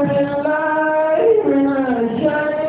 Lord, in life, in life, in life.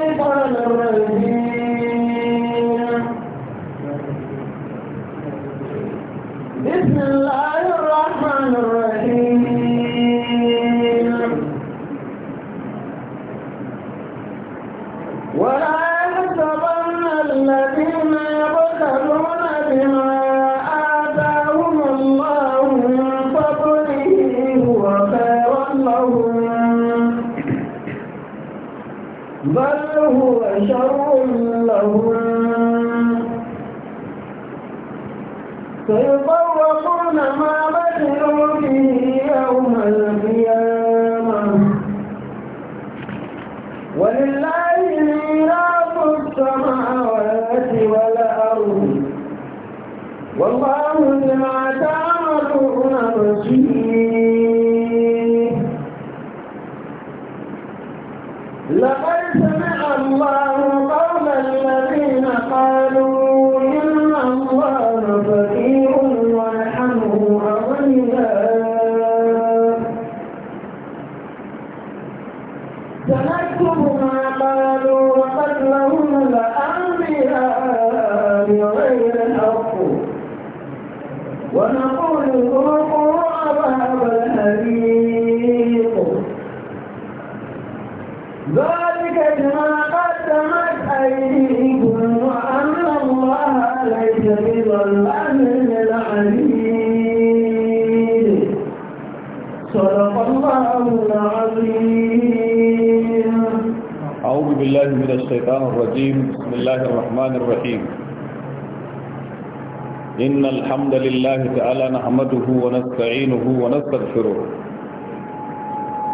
تعالى نحمده ونستعينه ونستغفره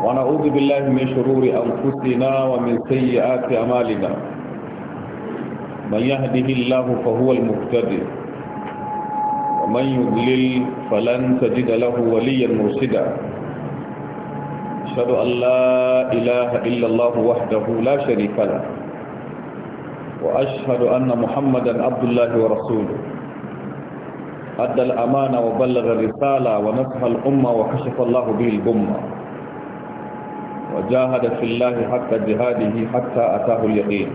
ونعوذ بالله من شرور أنفسنا ومن سيئات أمالنا من يهده الله فهو المهتدي ومن يضلل فلن تجد له وليا مرشدا أشهد أن لا إله إلا الله وحده لا شريك له وأشهد أن محمدا عبد الله ورسوله أدى الأمانة وبلغ الرسالة ونصح الأمة وكشف الله به الأمة وجاهد في الله حتى جهاده حتى أتاه اليقين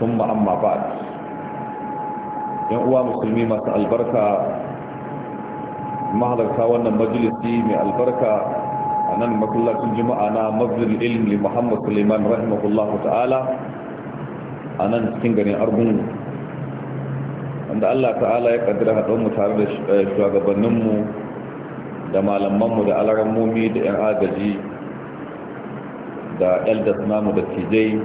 ثم أما بعد يقوى مسلمين مساء البركة مهدر كاوانا مجلسي من البركة أنا المكلة الجمعة أنا مبذل العلم لمحمد سليمان رحمه الله تعالى أنا نسكنغني أربون wanda Allah ta'ala ya kaddara haɗon mu tare da eh, shugabanninmu da malamanmu da alarammomi da 'yan agaji da eldas namu da tj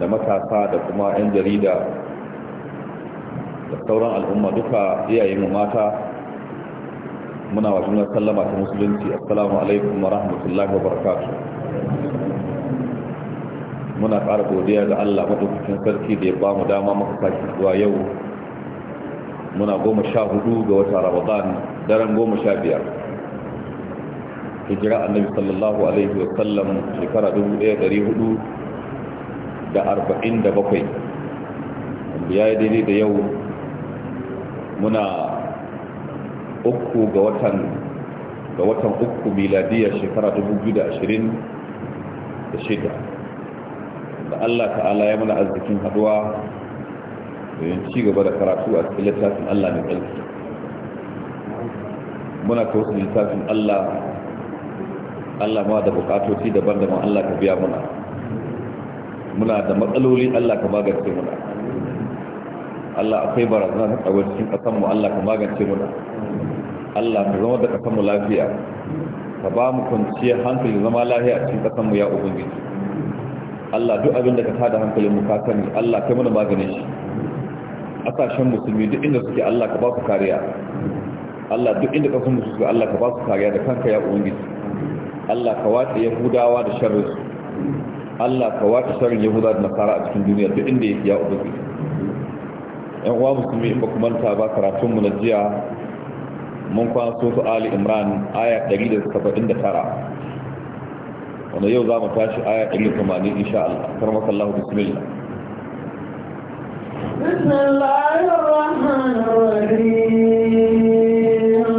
da matasa da kuma 'yan jarida da sauran al'umma duka mu mata muna wa juna sallama ta musulunci assalamu alaikum wa rahmatullahi wa barakatuh muna ƙara godiya ga Allah madaukakin sarki da ya ba mu dama maka sake zuwa yau muna goma sha hudu ga wata ramadan daren goma sha biyar hijira annabi sallallahu alaihi wa sallam shekara dubu ɗaya ɗari hudu da arba'in da bakwai wanda ya yi daidai da yau muna uku ga watan ga watan uku miladiyar shekara dubu biyu da ashirin da shida da Allah ta'ala ya mana arzikin haduwa domin ci gaba da karatu a cikin littafin Allah mai tsarki muna kawo littafin Allah Allah ma da bukatoci daban-daban Allah ka biya muna muna da matsaloli Allah ka magance muna Allah akwai barazana ta tsawon cikin ƙasanmu Allah ka magance muna Allah ka zama da ƙasanmu lafiya ka ba mu kwanciyar hankali zama lafiya cikin ƙasanmu ya ubangiji Allah duk abin da ka tada hankalin mu ka Allah kai mana maganin shi kasashen musulmi duk inda suke Allah ka ba su kariya Allah duk inda kafin musu suke Allah ka ba su kariya da kanka ya ubangiji Allah ka wace Yahudawa da sharrin Allah ka wace sharrin Yahudawa da Nasara a cikin duniya duk inda yake ya ubangiji yan uwa musulmi in ba ku manta ba karatun mu na jiya mun kwana so su Ali Imran aya 179 wanda yau za mu tashi aya 180 insha Allah karmaka Allah bismillah بسم الله الرحمن الرحيم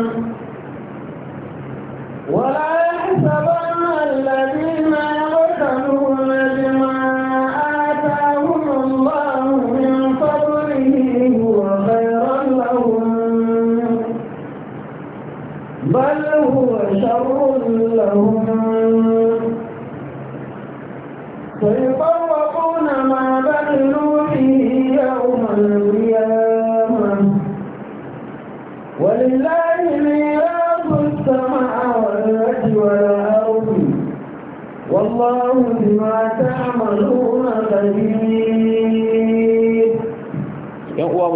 ولا يحسبن الذين يبخلون بما آتاهم الله من فضله هو خيرا لهم بل هو شر لهم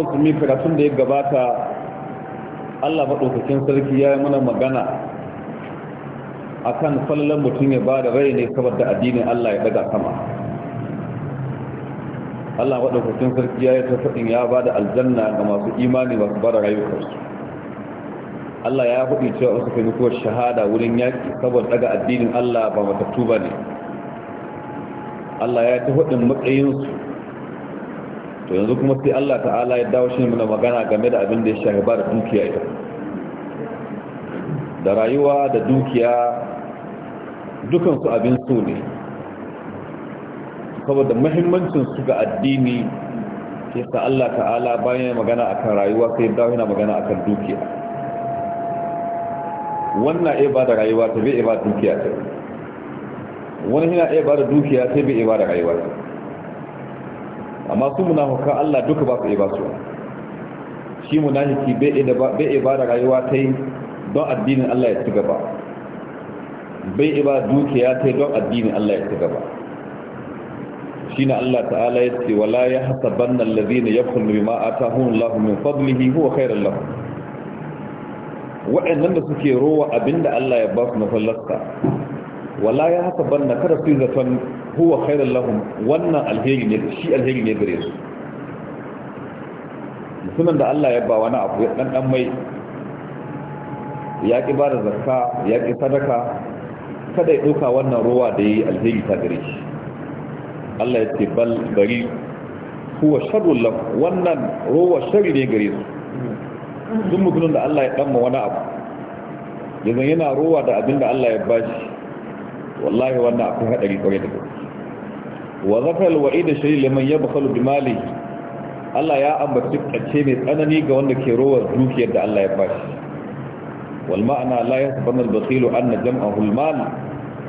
uwa musulmi karatun da ya gabata allah maɗaukakin sarki ya yi mana magana a kan fallon mutum ya ba da rai ne saboda addinin allah ya daga sama allah sarki ya yi ya ba da aljanna ga masu imani masu ba da allah ya faɗi cewa wasu kai mutuwar shahada wurin yaƙi saboda daga addinin allah ba matattu ba ne allah ya matsayinsu to yanzu kuma sai Allah ta'ala ya dawo shi mana magana game da abin da ya shafi ba da dukiya ita da rayuwa da dukiya dukansu abin so ne saboda muhimmancin su ga addini sai sa Allah ta'ala bayan magana akan rayuwa sai ya dawo yana magana akan dukiya wannan ya ba da rayuwa ta bai ya ba dukiya ta wani yana ba da dukiya sai bai ya ba da rayuwa ta amma su munafukan Allah duka ba su iya ba su shi munafiki bai iya da rayuwa ta yi don addinin Allah ya ci gaba bai iya dukiya ta yi don addinin Allah ya ci gaba shi na Allah ta'ala ya ce wala ya hasa nan lazina ya kullu bima ta hun min fadlihi huwa khairan lahum wa'annan da suke rowa abinda Allah ya ba su na fallasta wala ya hasa Banna kada su yi zaton huwa khairul lahum wannan alheri ne shi alheri ne gare su mutumin da Allah ya ba wani abu ya dan dan mai ya ki ba da zakka ya ki sadaka kada ya dauka wannan ruwa da yayi alheri ta gare shi Allah ya ce bal bari huwa sharrul lahum wannan ruwa sharri ne gare su duk mutumin da Allah ya dan wani abu yanzu yana ruwa da abinda Allah ya bashi wallahi wannan akwai hadari kwarai da gaske wa zakar alwa'id shari liman yabkhalu bimali Allah ya ambaci kace mai tsanani ga wanda ke rowa dukiyar da Allah ya bashi wal ma'ana la yasbana al-bakhil anna jam'ahu al-mal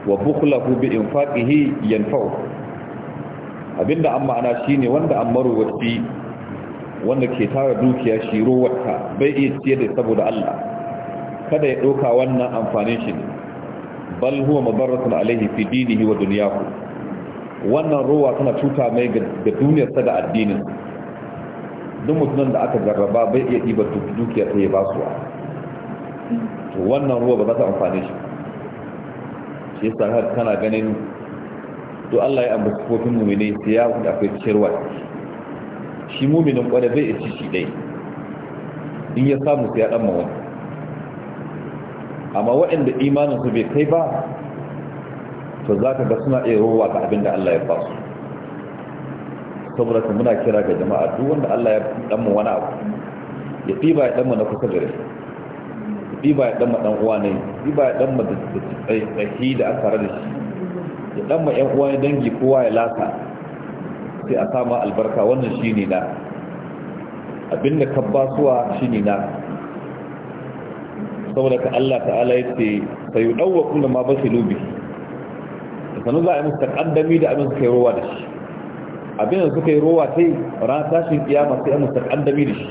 wa bukhlahu bi infaqihi yanfa'u abinda an ma'ana shine wanda an maruwaci wanda ke tara dukiya shi rowarta bai iya ciye da saboda Allah kada ya ɗauka wannan amfanin shi bal huwa mabaratun alaihi fi dinihi wa dunyahu wannan ruwa tana cuta mai ga duniyarsa da addinin duk mutumin da aka jarraba bai iya ɗiba dukiyar ta ya ba su to wannan ruwa ba za ta amfani shi shi yasa har kana ganin to Allah ya ambaci kofin mumini sai ya wuce akwai ciyarwa shi muminin kwada bai ci shi dai in ya samu sai ya dan mawa amma waɗanda imanin su bai kai ba to za ka ga suna iya ruwa ga abin da Allah ya ba su saboda ka muna kira ga jama'a duk wanda Allah ya dan wani abu ya fi ba ya dan na kusa gare shi ya ba ya dan mu dan uwa ne ya ba ya dan da tsayi da tare da shi ya dan 'yan uwa ne dangi kowa ya lasa sai a sama albarka wannan shi ne na abinda ka basuwa ne na saboda ka Allah ta'ala ya ce sai yi ɗauwa kuma ma ba su lubi sannan za a yi musu takaddami da abin suka yi rowa da shi abin da suka yi rowa sai ran tashin kiyama sai a musu takaddami da shi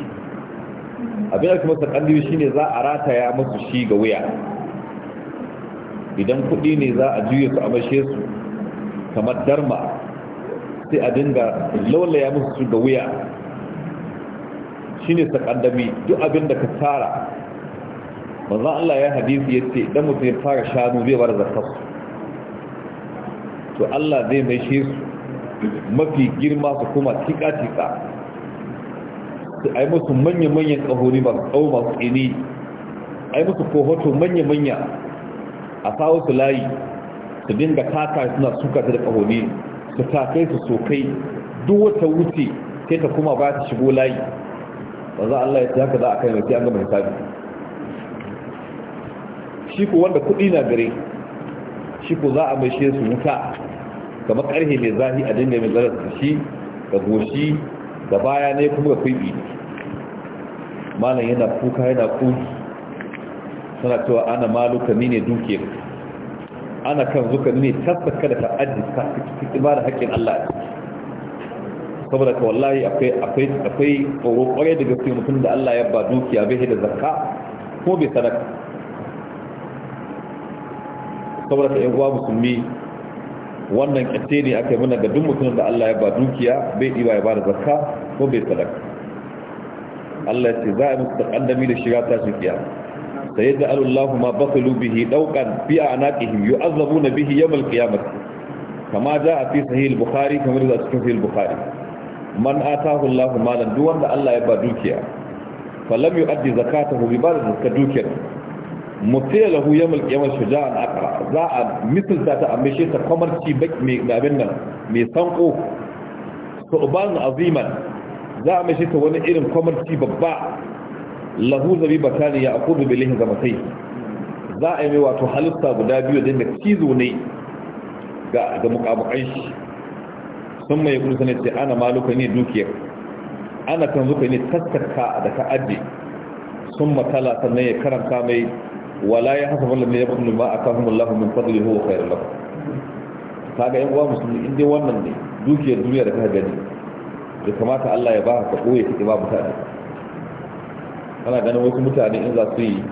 abin da kuma shi ne za a rataya musu shi ga wuya idan kuɗi ne za a juya su a mashe su kamar darma sai a dinga laulaya musu ga wuya Shi ne su takaddami duk abin da ka tara manzon Allah ya hadisi ce, dan mutum ya fara shanu zai bar zakkar to Allah zai mai shi su mafi girma su kuma tika-tika su ai musu manya-manyan ƙahoni masu tsawo masu tsini ai musu kohoto manya-manya a sawo su layi su dinga taka suna suka da ƙahoni su takai su sokai duk wata wuce sai ta kuma ba ta shigo layi ba za Allah ya ce haka za a kai mai sai an gama hisabi shi ko wanda kuɗi na gare shi ko za a mai shi su wuta kamar karhe mai zahi a dinga mai zarar da shi ga goshi da baya ne kuma ga kwibi malam yana kuka yana kuki suna cewa ana maluka ni ne duke ana kan zuka ne tabbata da ta'addi ta fi ba da haƙƙin Allah saboda ka wallahi akwai akwai akwai tsoro kwarai daga gaske mutum da Allah ya ba dukiya bai da zakka ko bai sadaka saboda ka yan uwa musulmi wannan kyatte ne aka yi muna ga duk mutum da Allah ya ba dukiya bai ɗiba ya ba da zakka ko bai sadaka Allah ce za a musu taƙaddami da shiga tashin kiyama sai ya za'alu Allah ma basalu bihi daukan biya a anaqihim yu'azzabuna bihi yawm al-qiyamah kama za a fi sahil bukhari kamar za da cikin sahih al-bukhari man atahu Allah malan duk wanda Allah ya ba dukiya falam yu'addi zakatahu bi ba da zakka dukiyar mutiya lahu yamal yamal shuja'an akara za a misalta ta amishe ta kwamarci mai abin nan mai sanko su'ban aziman za a mishi ta wani irin kwamarci babba lahu zabi batani ya akudu bilihin zamatai za a yi mai wato halitta guda biyu da cizo ne ga mukamukan shi sun mai kudu sanar ce ana maluka ne dukiyar ana kan zuka ne tattaka da ka ajiye sun matala sannan ya karanta mai wala ya hasa wanda ne ya fadlu ma akahum Allah min fadlihi huwa khairul lakum kaga yan uwa musulmi in wannan ne dukiyar duniya da ka gani da kamata Allah ya ba ka koye kike ba mutane ana ganin wasu mutane in za su yi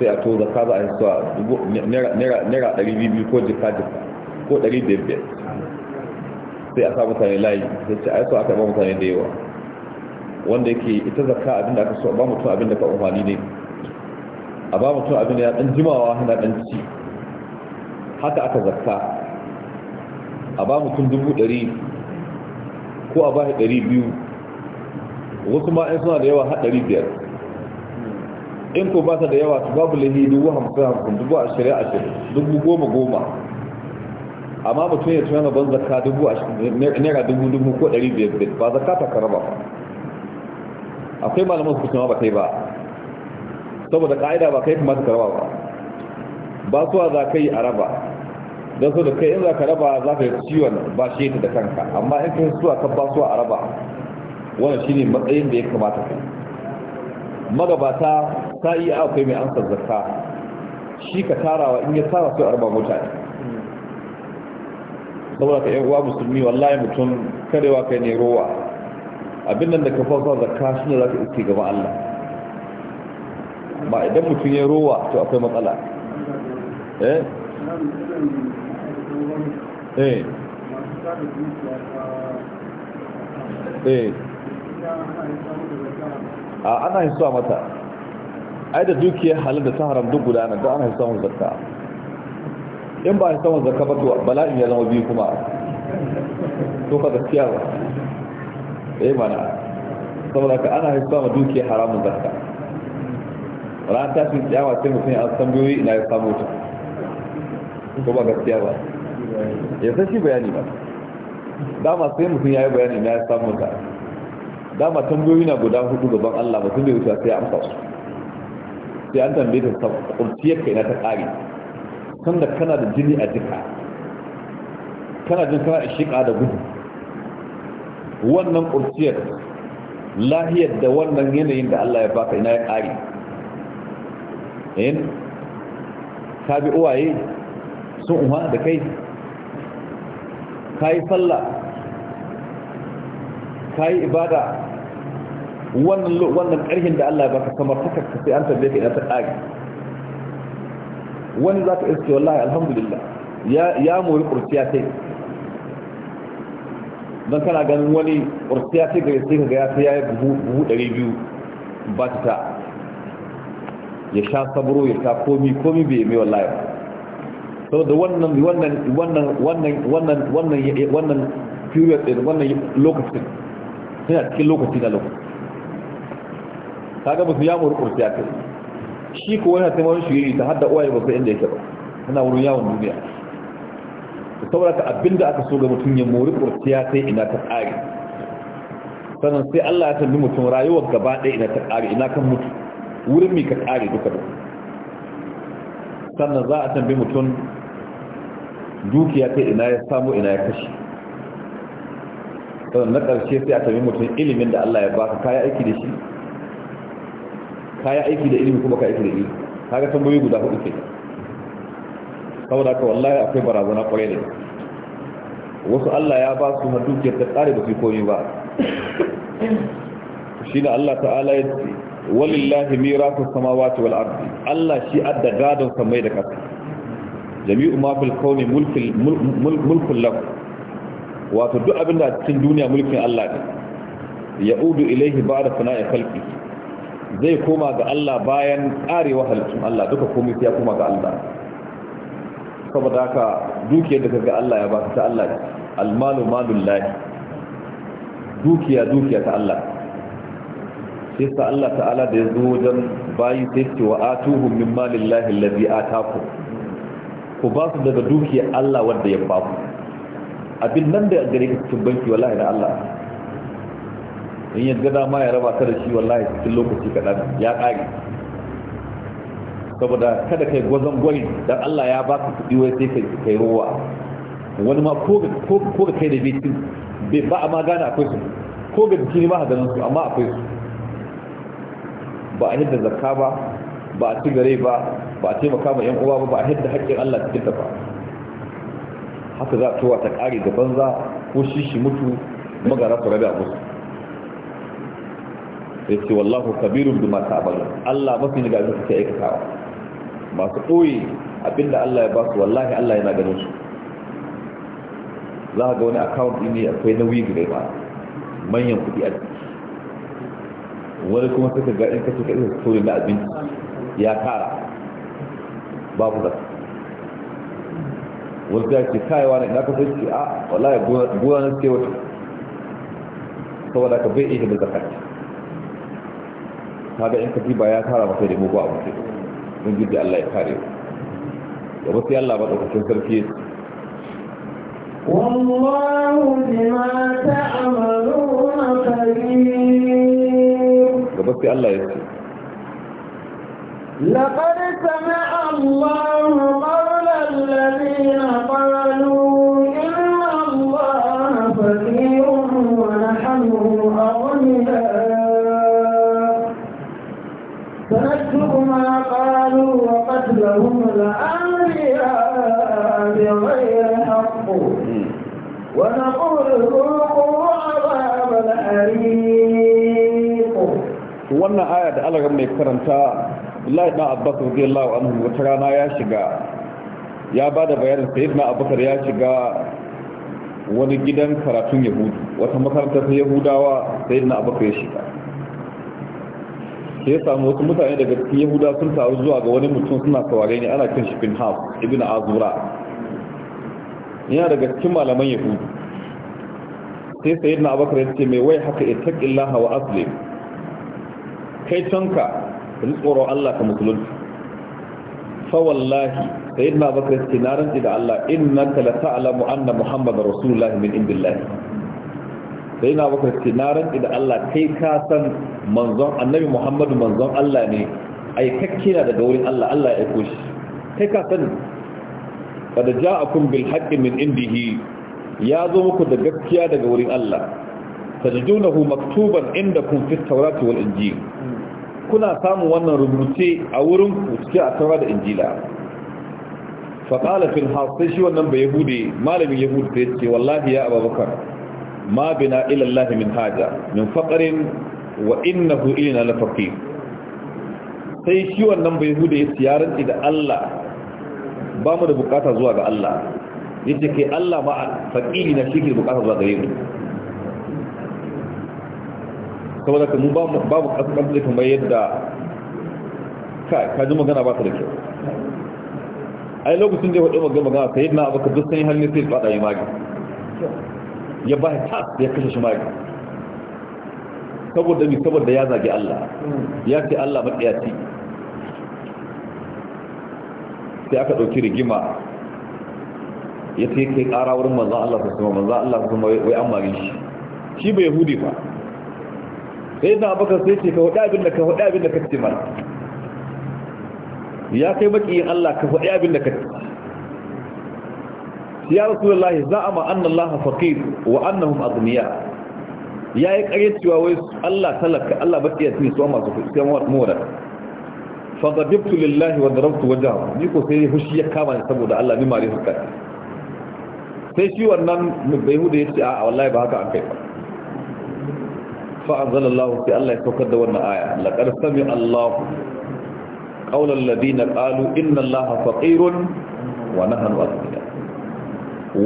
sai a to zakka za a yi nera nera ɗari biyu ko jika jika ko ɗari biyar biyar sai a sa mutane layi sai ce a yi sa aka ba mutane da yawa wanda yake ita zakka abinda aka so ba mutum abinda ka umarni ne a ba mutum abin ya ɗan jimawa na ɗan ci haka aka zakka a ba mutum dubu ɗari ko a ba shi ɗari biyu wasu ma in suna da yawa har ɗari biyar in ko ba ta da yawa su babu lahi dubu hamsin hamsin dubu ashirin ashirin dubu goma goma amma mutum ya tuna ban zakka dubu naira dubu dubu ko ɗari biyar ba zakka ta karaba ba akwai malaman su kuma ba kai ba saboda ka'ida ba kai kamata ka raba ba ba suwa za ka yi a raba don so da kai in za ka raba za ka yi ciwon ba shi ta da kanka amma in kai suwa ka ba suwa a raba wannan ne matsayin da ya kamata kai magabata ta yi akwai mai amsar zakka shi ka tarawa in ya tara su a raba mutane saboda ka yan uwa musulmi wallahi mutum karewa kai ne rowa abin nan da ka fasa zakka shi ne za ka iske gaba Allah ba idan mutum ya rowa to akwai matsala eh eh eh a ana hisuwa mata ai da dukiyar halin da ta haram duk gudana da ana hisuwa mata zakka in ba hisuwa mata zakka ba to bala'in ya zama biyu kuma to ka gaskiya ba eh mana saboda ka ana hisuwa ma dukiyar haramun zakka ran sun tsawa sai mutum ya tambayoyi ina ya samu ta ko ba gaskiya ba ya san shi bayani ba dama sai mutum ya yi bayani na ya samu ta dama tambayoyi na guda hudu gaban Allah mutum da wuce sai ya amsa su sai an tambaye ta kurciyar kai na ta kare sanda kana da jini a jika kana jin kana shika da gudu wannan kurciyar lahiyar da wannan yanayin da Allah ya baka ina ya kare in eh? ka bi uwaye sun uwa da kai ka yi sallah ka yi ibada wannan ƙarhin da Allah ba ka kamar takakka sai an tabbe ka ina ta ƙage wani za ka iske wallahi alhamdulillah ya mori ƙurciya ta don kana ganin wani ƙurciya ta gare sai ka ga ya ta yaya buhu 200 ba ta ta ya sha saburo ya sha komi komi bai mai wallahi so da wannan wannan wannan wannan wannan wannan wannan period din wannan lokacin a cikin lokaci na lokaci kaga musu ya mu rukurci a kai shi ko wani taimawar shiri ta hadda uwaye ba sai inda yake ba yana wurin yawon duniya saboda abinda aka so ga mutum ya mori kurciya sai ina ta tsari sannan sai Allah ya tambi mutum rayuwar gaba ɗaya ina ta tsari ina kan mutu wurin mai ka kare duka da sannan za a tambi mutum dukiya ta ina ya samu ina ya kashi sannan na ƙarshe sai a tambi mutum ilimin da Allah ya baka kaya aiki da shi kaya aiki da ilimi kuma ka aiki da ilimi kaga tambayoyi guda hudu ke saboda ka wallahi akwai barazana kwarai da wasu Allah ya ba su dukiyar ta tsare ba su komi ba shi da Allah ta'ala ya ce walillahi mirasu samawati wal ardi Allah shi adda gadon samai da ƙasa jami'u ma fil kauni mulkul lahu wato duk abin da cikin duniya mulkin Allah ne ya'udu ilaihi ba'da sana'i khalqi zai koma ga Allah bayan karewa halittun Allah duka komai sai ya koma ga Allah saboda haka dukiyar da kaga Allah ya baka ta Allah almalu malullahi dukiya dukiya ta Allah sai sa Allah ta'ala da ya zo wajen bayi sai ce wa atuhum min malillahi allazi ataku ku ba su daga dukiyar Allah wanda ya ba ku abin nan da gare ka cikin banki wallahi da Allah in yadda dama ya raba ka da shi wallahi cikin lokaci kaɗan ya ƙare saboda kada kai gwazon gwari dan Allah ya baka kuɗi wai sai kai ruwa wani ma ko ga kai da bai ba a ma gane akwai su ko ga jini ma hadarin su amma akwai su ba a hidda zakka ba ba a ci gare ba ba a taimaka ma yan uwa ba ba a hidda haƙƙin Allah cikin ta ba haka za a towa ta ƙare da banza ko shi shi mutu magara su rabe a musu ya ce wallahu kabirun bi mata abalu Allah mafi ni ga abin suke aikatawa masu ɓoye abinda Allah ya ba su wallahi Allah yana ganin su za a ga wani account ne akwai nauyi ga ba manyan kuɗi a ciki wani kuma suka ga in kace kai so da abinci ya kara babu da wani ya ce kai wani na ka sai ce a ah, wallahi gona na ce wata saboda ka bai yi da zakat kaga in kaci ba ya kara sai da mugu abu ce ji da Allah ya kare ba wasu Allah ba dokokin sarki والله بما تعملون خبير sai Allah ya لقد سمع الله قول الذين قالوا إن الله فقير ونحن أغنياء سنكتب ما قالوا وقتلهم الأنبياء بغير حق ونقول wannan aya da alaƙar mai karanta Allah ibn Abbas radiyallahu anhu wata rana ya shiga ya ba da bayanin na Abbasar ya shiga wani gidan karatun yahudu wata makarantar ta yahudawa na Abbasar ya shiga sai samu wasu mutane daga cikin yahuda sun taru zuwa ga wani mutum suna saurare ne ana kan shi bin haf ibn azura yana daga cikin malaman yahudu sai na Abbasar ya ce mai wai haka ƙillaha wa aslim kai tonka da tsoro Allah ka musulunci fa wallahi sayyidina bakar ce na ranci da Allah innaka la ta'lamu anna muhammadar rasulullah min indillah sayyidina bakar ce na ranci da Allah kai ka san manzon annabi muhammadu manzon Allah ne ai kakkira daga wurin Allah Allah ya aiko shi kai ka san kada ja'akum bil haqqi min indihi ya zo muku da gaskiya daga wurin Allah tajidunahu maktuban inda kun fi tawrati wal injil kuna samun wannan rubuce a wurin ku cikin a taura da injila faƙala fil sai shi wannan ba yahudi malamin yahudi ta ce wallahi ya ababakar ma bina ilallahi min haja min faƙarin wa innahu ilina na faqir sai shi wannan bai hude ya siyaranci da Allah ba mu da bukata zuwa ga Allah yace ke Allah ma faqiri na shi ke bukata zuwa gare mu saboda ka mu babu kasance kamar yadda kaji magana ba ta da kyau ai lokacin da ya faɗi magana magana sai na abu ka duk sanyi hannun sai faɗa ya magi ya ba ta ya kashe shi magi saboda mi saboda ya zage Allah ya ce Allah matsiyaci sai aka ɗauki rigima ya ce kai ƙara wurin manzan Allah su kuma manzan Allah su kuma wai an magi shi shi bai yahudi ba sai na baka sai ce ka faɗi abin da ka faɗi abin da ka ce mana ya kai makiyin Allah ka faɗi abin da ka ce ya rasu rasulullahi za'ama anna Allah faqir wa annahum Ya yi ƙarya cewa wai Allah talaka Allah bakiya tun su masu kuɗi sai mu wada fa dabtu lillahi wa darabtu wajhahu ni ko sai hushi ya kama ni saboda Allah ni mare hukkar sai shi wannan bai ya ce a'a wallahi ba haka an kai ba فأنزل الله في الله يتوكد وانا آية لقد سمع الله قول الذين قالوا إن الله فقير أغنياء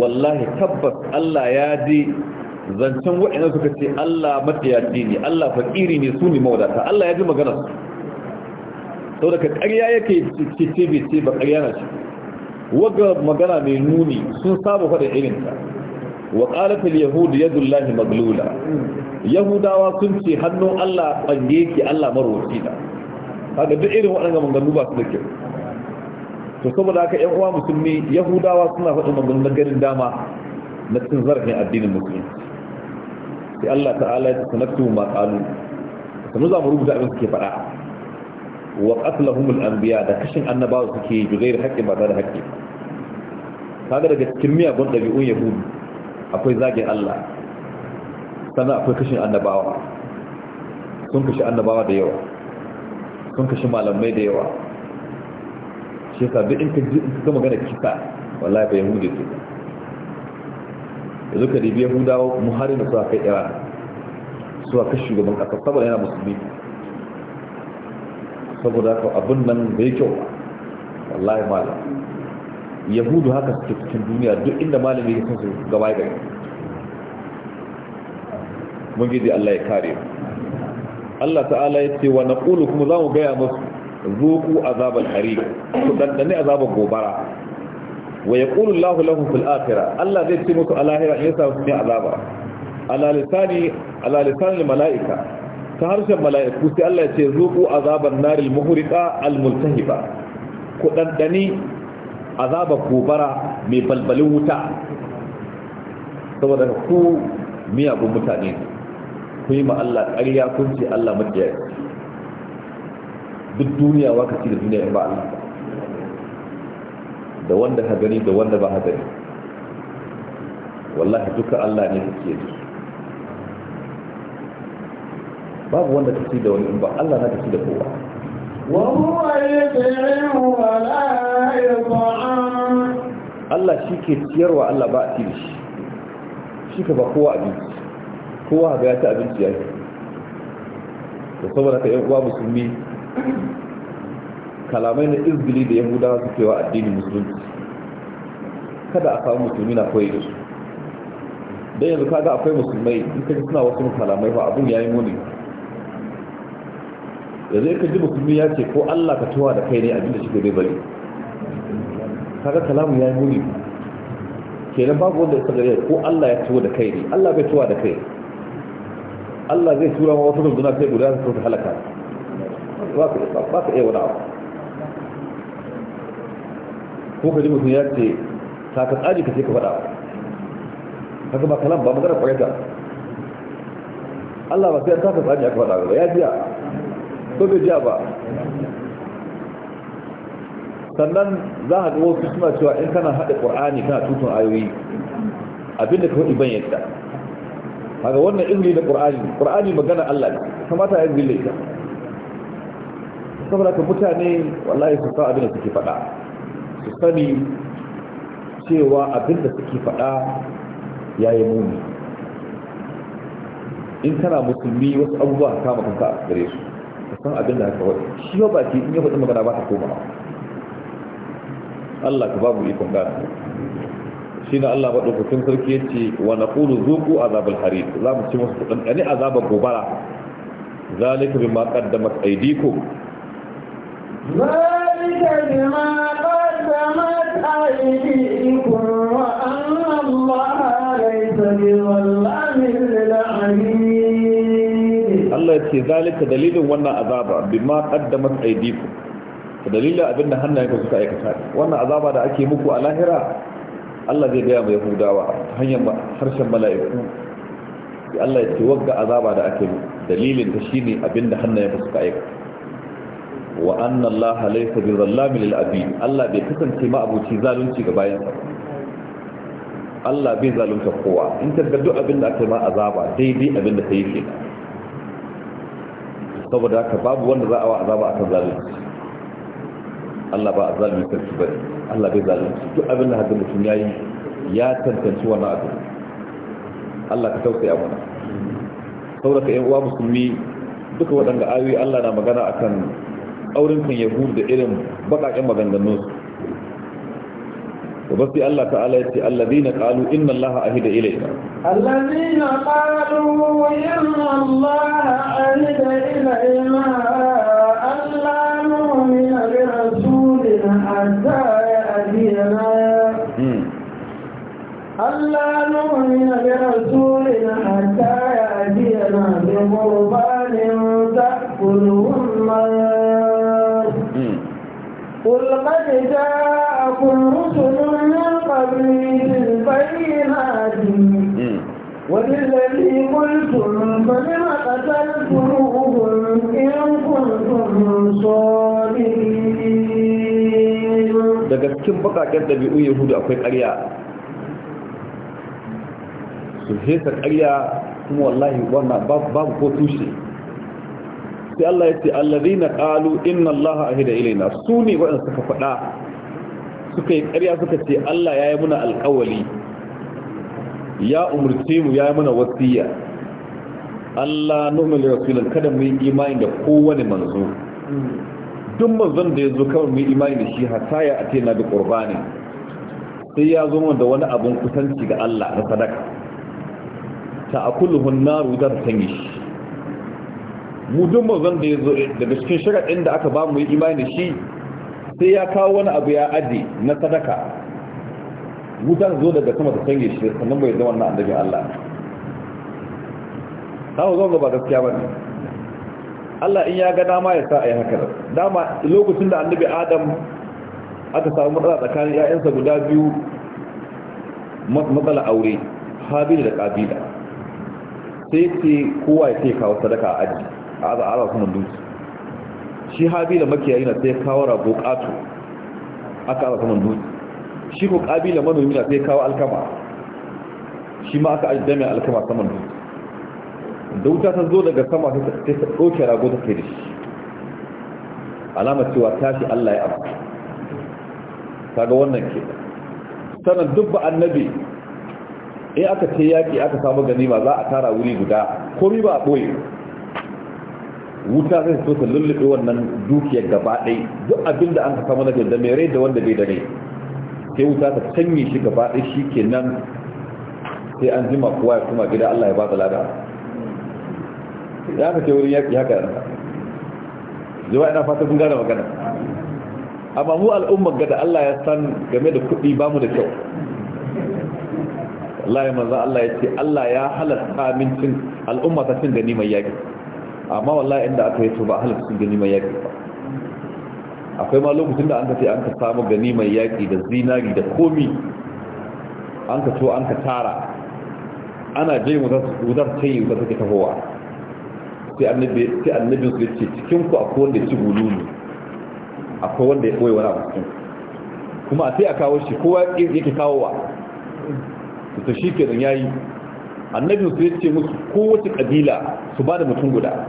والله تبت الله يادي zancen waɗanda suka ce Allah matayaci ne Allah fakiri ne su ne mawadata Allah ya ji maganar su sau daga ƙarya yake ce ba ƙarya na shi waga magana mai nuni sun saba faɗin irinta wa qalat al yahud yadullahi maglula yahudawa sun ce hannun Allah bange yake Allah wasi da kaga duk irin waɗannan maganganu ba su da kyau to saboda haka ƴan uwa musulmi yahudawa suna faɗin maganganu na garin dama na cin zarafin addinin musulmi sai Allah ta'ala ya na sanatu ma qalu Sanu za mu rubuta abin suke faɗa wa qatlahum al-anbiya da kashin annabawa suke yi jugair haƙƙi ba da haƙƙi kaga daga cikin miyagun ɗabi'un yahudu akwai zagin Allah sannan akwai kashin annabawa sun kashi annabawa da yawa sun kashi malamai da yawa shi yasa duk in ka ji in ka magana kisa wallahi ba yahudi ce yanzu ka dibi yahudawa muharin da suwa kai iran suwa kashi shugaban ƙasa saboda yana musulmi saboda haka abin nan bai kyau wallahi malam yahudu haka suke cikin duniya duk inda malami ya kansu gaba gari mun gidi Allah ya kare Allah ta'ala ya ce wa naqulu kuma za mu gaya musu zuku azabal hariq ku dandane azabar gobara wa ya yaqulu lahu lahum fil akhirah Allah zai ce musu alahira ya sa su ne azaba ala lisani ala lisani malaika ta harshen mala'iku sai Allah ya ce zuku azaban narin muhriqa almultahiba, ku dandane azaba kubara mai balbalin wuta saboda ku miyagun mutane ku yi ma Allah ƙarya kun ce Allah mutiyar duk duniya waka ci da duniya ba Allah da wanda ha gani da wanda ba ha gani wallahi duka Allah ne kake da babu wanda ci da wani in ba Allah na ta ci da kowa Allah shi ke يطعم Allah ba a والله shi, shi. ka ba kowa abinci kowa ga ya ta abinci yi, da saboda ka yi uwa musulmi kalamai na izbili da yahudawa su wa addinin musulunci kada a samu musulmi na koyi da su don yanzu kaga akwai musulmai in kaji suna wasu kalamai ba abin yayin muni yanzu in ka ji musulmi ya ce ko Allah ka tuwa da kai ne abinda shi bai bari kaga kalamu ya yi muni kenan babu wanda ya sagare ko Allah ya tuwa da kai ne Allah bai tuwa da kai Allah zai tura ma wasu runduna sai guda su ta halaka ba ka iya wani abu ko ka ji mutum ya ce ta ka tsari ka ce ka faɗa haka ba kalamu ba magana kwaita Allah ba sai ta ka tsari aka faɗa ba ya biya ko bai ja ba sannan za a ga wasu suna cewa in kana haɗa ƙwa'ani kana tutun ayoyi abinda ka faɗi ban yadda haka wannan izini da ƙwa'ani ƙwa'ani magana Allah ne kamata ya izini laita saboda ka mutane wallahi su sa abinda suke faɗa su sani cewa abinda suke faɗa ya yi muni in kana musulmi wasu abubuwa kama kanka a gare su kan abin da haka wadi shi ba baki in yi faɗi magana ba ta koma Allah ka babu ikon gara shi na Allah ba ɗaukakin sarki yace wa na ƙulu zuku azabul hari za mu ci musu ɗanɗani azabar gobara zalika bi ma qaddamat aydikum zalika bi ma qaddamat aydikum ce zalika dalilin wannan azaba bima qaddamat aydikum dalilin abinda hannayenku suka aikata wannan azaba da ake muku a lahira Allah zai gaya mai hudawa hanyar harshen mala'iku da Allah ya ce wagga azaba da ake muku dalilin ta shine abinda hannayenku suka aikata wa anna Allah laysa bi zallami lil abid Allah bai kasance ma abuci zalunci ga bayan sa Allah bai zalunta kowa in ka ga duk abinda ake ma azaba daidai abinda kai kenan saboda haka babu wanda za a wa azaba akan zalunci Allah ba azalimi sarki bane Allah bai zalunci duk abin da hadin mutum yayi ya tantance wannan abu Allah ka ya mana saboda ka yan uwa musulmi duka waɗanda ayoyi Allah na magana akan aurin kan yahudu da irin baƙaƙen maganganun su وبس الله تعالى يتي الذين قالوا إن الله أهد إلينا الذين قالوا إن الله أهد إلينا ألا نؤمن برسول حتى يأتينا ألا نؤمن برسول حتى يأتينا بقربان تأكله النار قل قد جاءكم daga cikin bakaken ɗabi'u yahudu akwai ƙarya su hesa ƙarya kuma wallahi wannan babu ko tushe sai Allah ya ce na ƙalu inna allaha hida ilaina su ne waɗanda suka faɗa suka yi ƙarya suka ce Allah ya yi muna alƙawali ya umurce mu ya yi muna wasiya Allah nuhumil rasulun kada mu yi imani da kowane manzo duk manzon da ya zo kawai mu yi imani da shi hata ya ate na bi qurbani sai ya zo da wani abun kusanci ga Allah na sadaka ta a akuluhun naru da sanyi shi mu duk manzon da ya zo daga cikin sharaɗin da aka ba mu yi imani da shi sai ya kawo wani abu ya aji na sadaka wutar zo daga sama ta sanye shi sannan bai zama na annabi Allah kawo zonga ba gaskiya ba ne Allah in ya ga dama ya sa a yi haka dama lokacin da annabi adam aka samu matsala tsakanin ‘ya'yansa guda biyu matsala aure habila da ƙabila sai ce kowa ya ce kawo sadaka a aji a aza ala kuma dutse shi habila makiyayi na sai kawo rabo kato aka kawo kuma dutse shi ko ƙabila manomi na sai kawo alkama shi ma aka aji damin alkama saman dutse da wuta ta zo daga sama sai ta ɗauke rago ta kai da shi alamar cewa tashi Allah ya abu ga wannan ke duk dubba annabi in aka ce yaƙi aka samu ganima za a tara wuri guda komi ba a ɓoye wuta sai so ta lullube wannan dukiyar gaba ɗai duk abin da an ka samu na da mai rai da wanda bai da rai sai wuta ta canye shi gaba ɗai shi kenan sai an jima kowa ya kuma gida Allah ya ba da lada ya aka ce wurin yaƙi haka zuwa ina fata kun gane magana amma mu al'ummar gada Allah ya san game da kuɗi ba mu da kyau Allah ya maza Allah ya ce Allah ya halatta min cin al'umma ta cin gani mai yaƙi amma wallahi inda aka yi to ba halatta cin gani mai yaƙi akwai ma lokacin da an ka ce an ka samu gani mai yaƙi da zinari da komi an ka to an ka tara ana je wutar ta yi wutar take tahowa sai annabi sai annabi su ce cikin ku akwai wanda ya ci gululu akwai wanda ya koyi wani abu cikin kuma sai a kawo shi kowa yake kawo wa to shi kenan yayi annabi su ya ce musu kowace kabila su ba da mutum guda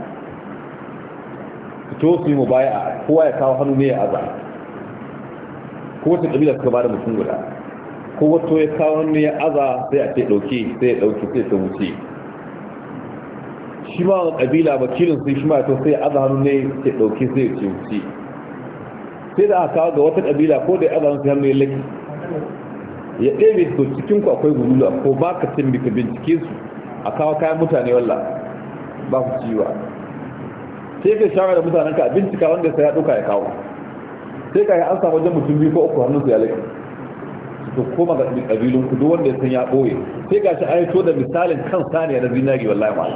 su to su yi mubaya kowa ya kawo hannu ne ya aza kowace kabila su ba da mutum guda kowato ya kawo hannu ya aza sai a ce dauke sai ya dauke sai ta wuce shi ma wani ƙabila wakilin sai shi ma to sai aza hannu ne ke ɗauki sai ce ci sai da aka ga wata ƙabila ko da aza hannu sai hannu ya laki ya ɗebe to cikin ku akwai gudula ko ba ka cin bika bincike su a kawo kayan mutane walla ba ku ciwa sai ka shawar da mutanen ka bincika wanda sai ya ɗauka ya kawo sai ka yi an samu wajen mutum biyu ko uku hannun su ya laki to koma ga kabilun ku duk wanda ya san ya boye sai ga shi ayato da misalin kan saniya na zinari wallahi ma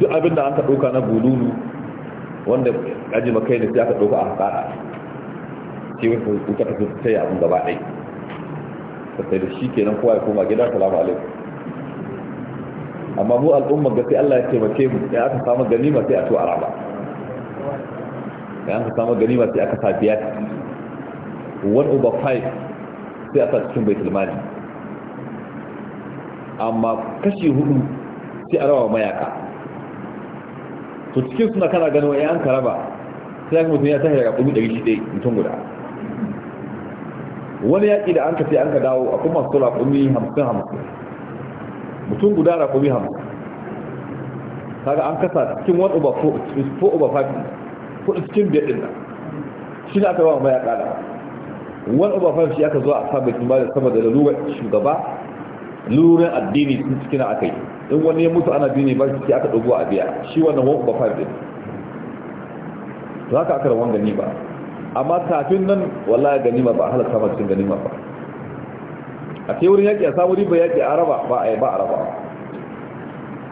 duk abin da an ka ɗauka na bululu wanda aji makai ne sai aka ɗauka a hasara ce wata kuka ta fi sai abin gaba ɗai sai da shi kenan kowa ya koma gida salamu alaikum amma mu al'umma ga sai Allah ya taimake mu sai aka samu ganima sai a to araba sai aka samu ganima sai aka sa biya 1 over 5 sai a sa cikin baitul amma kashi hudu sai a rawa mayaka to cikin suna kana gano ya an karaba sai aka mutum ya tashi daga ɗumi ɗari shi mutum guda wani yaƙi da an ka sai an ka dawo a kuma tola ɗumi hamsin hamsin mutum guda na ɗumi hamsin kaga an kasa cikin 1 over 4 over kudu cikin biyar ɗin nan shi na aka rawa mayaka da wani obafan shi aka zo a sa bakin da sama da lura shugaba lura addini sun cikin aka yi in wani ya mutu ana dini ba shi aka dogo a biya shi wannan wani obafan din za ka aka rawan gani ba amma kafin nan gani ganima ba halar ma cikin ganima ba a ke wurin yaƙi a samu riba yaƙi a raba ba a yi ba a raba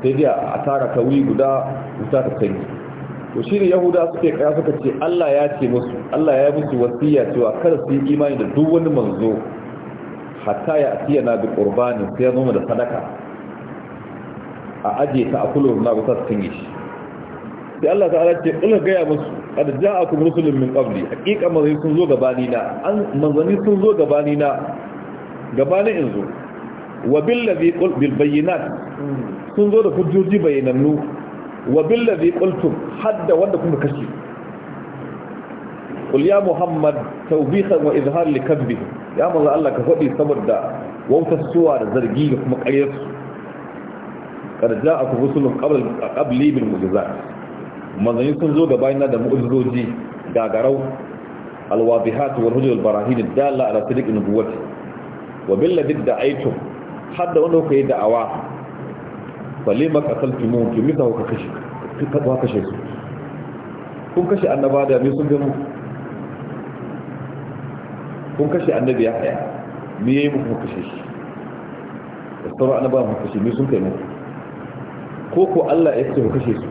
sai dai a tara ta wuri guda wuta ta canji to shi ne yahuda suke kaya suka ce Allah ya ce musu Allah ya musu wasiya cewa kada su yi imani da duk wani manzo hatta ya asiya na bi qurbanin sai ya zo da sadaka a aje ta a kullu na gusa sun yi shi sai Allah ta'ala ce ula ga ya musu kada ja'akum rusulun min qabli haqiqa manzanni sun zo gabani na an manzanni sun zo gabani na gabani in zo wa billazi qul bil bayyinat sun zo da hujjoji bayyanannu wa billazi qultum hadda wanda kuma kashi. qul ya muhammad tawbihan wa izhar li kadbi ya maza Allah ka fadi saboda wautar suwa da zargi da kuma ƙaryar su kad ja'akum rusulun qabl qabli bil mu'jizat Manzani sun zo gaba ina da mu'jizoji gagarau alwadihat wal hujul barahin dalla ala sidq nubuwati wa billazi da'aytum hadda wanda kuka yi da'awa balle ba kasal timon ki mita ka kashe ka ba kashe su kun kashe annaba da me sun gano kun kashe annabi ya haya me yayi muku kashe shi da sauran annaba mu kashe me sun kai muku ko ko Allah ya ce ku kashe su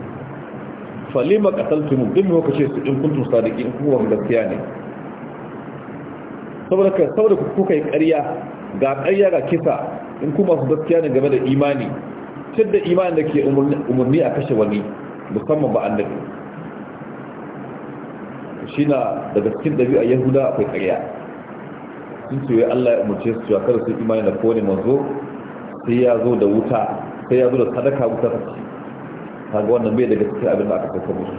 falima qataltum din mu kashe su in kuntum sadiqin ku wa gaskiya ne saboda kai saboda ku kai ƙarya ga ƙarya ga kisa in ku masu gaskiya ne game da imani cutar da imanin da ke umarni a kashe wani musamman ba daga shi na daga cikin a yahuda akwai ƙarya sun ce wai allah ya umarce su cewa kada su imani da kowane manzo sai ya zo da wuta sai ya zo da sadaka wuta ta ce ga wannan bai daga cikin abin da aka kasa musu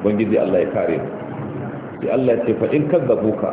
ubangiji allah ya kare sai allah ya ce fa in kan zabuka ka.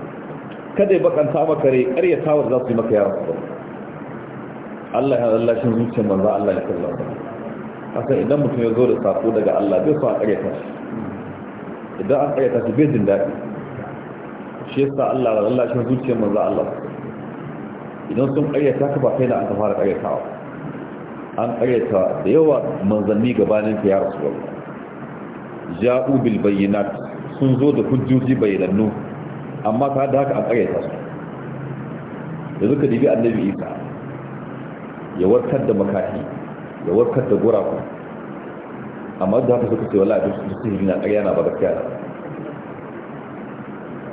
kada ya bakanta maka rai ƙaryatawar za su yi maka yaran su Allah ya Allah shi zuciyar manzo Allah ya kalla ba kasan idan mutum ya zo da sako daga Allah bai so a ƙaryata shi idan an ƙaryata shi bai jin daɗi shi sa Allah ya Allah shi zuciyar manzo Allah idan sun ƙaryata ka ba kai na an ka fara ƙaryatawa an ƙaryata da yawa manzanni gabanin ka ya rasu ja'u bil bayyinat sun zo da hujjoji bayyanannu amma ta da haka an karyata su da ka dibi annabi isa ya warkar da makahi ya warkar da guraku amma da haka suka ce wala a duk su hirina a karya na ba gaskiya na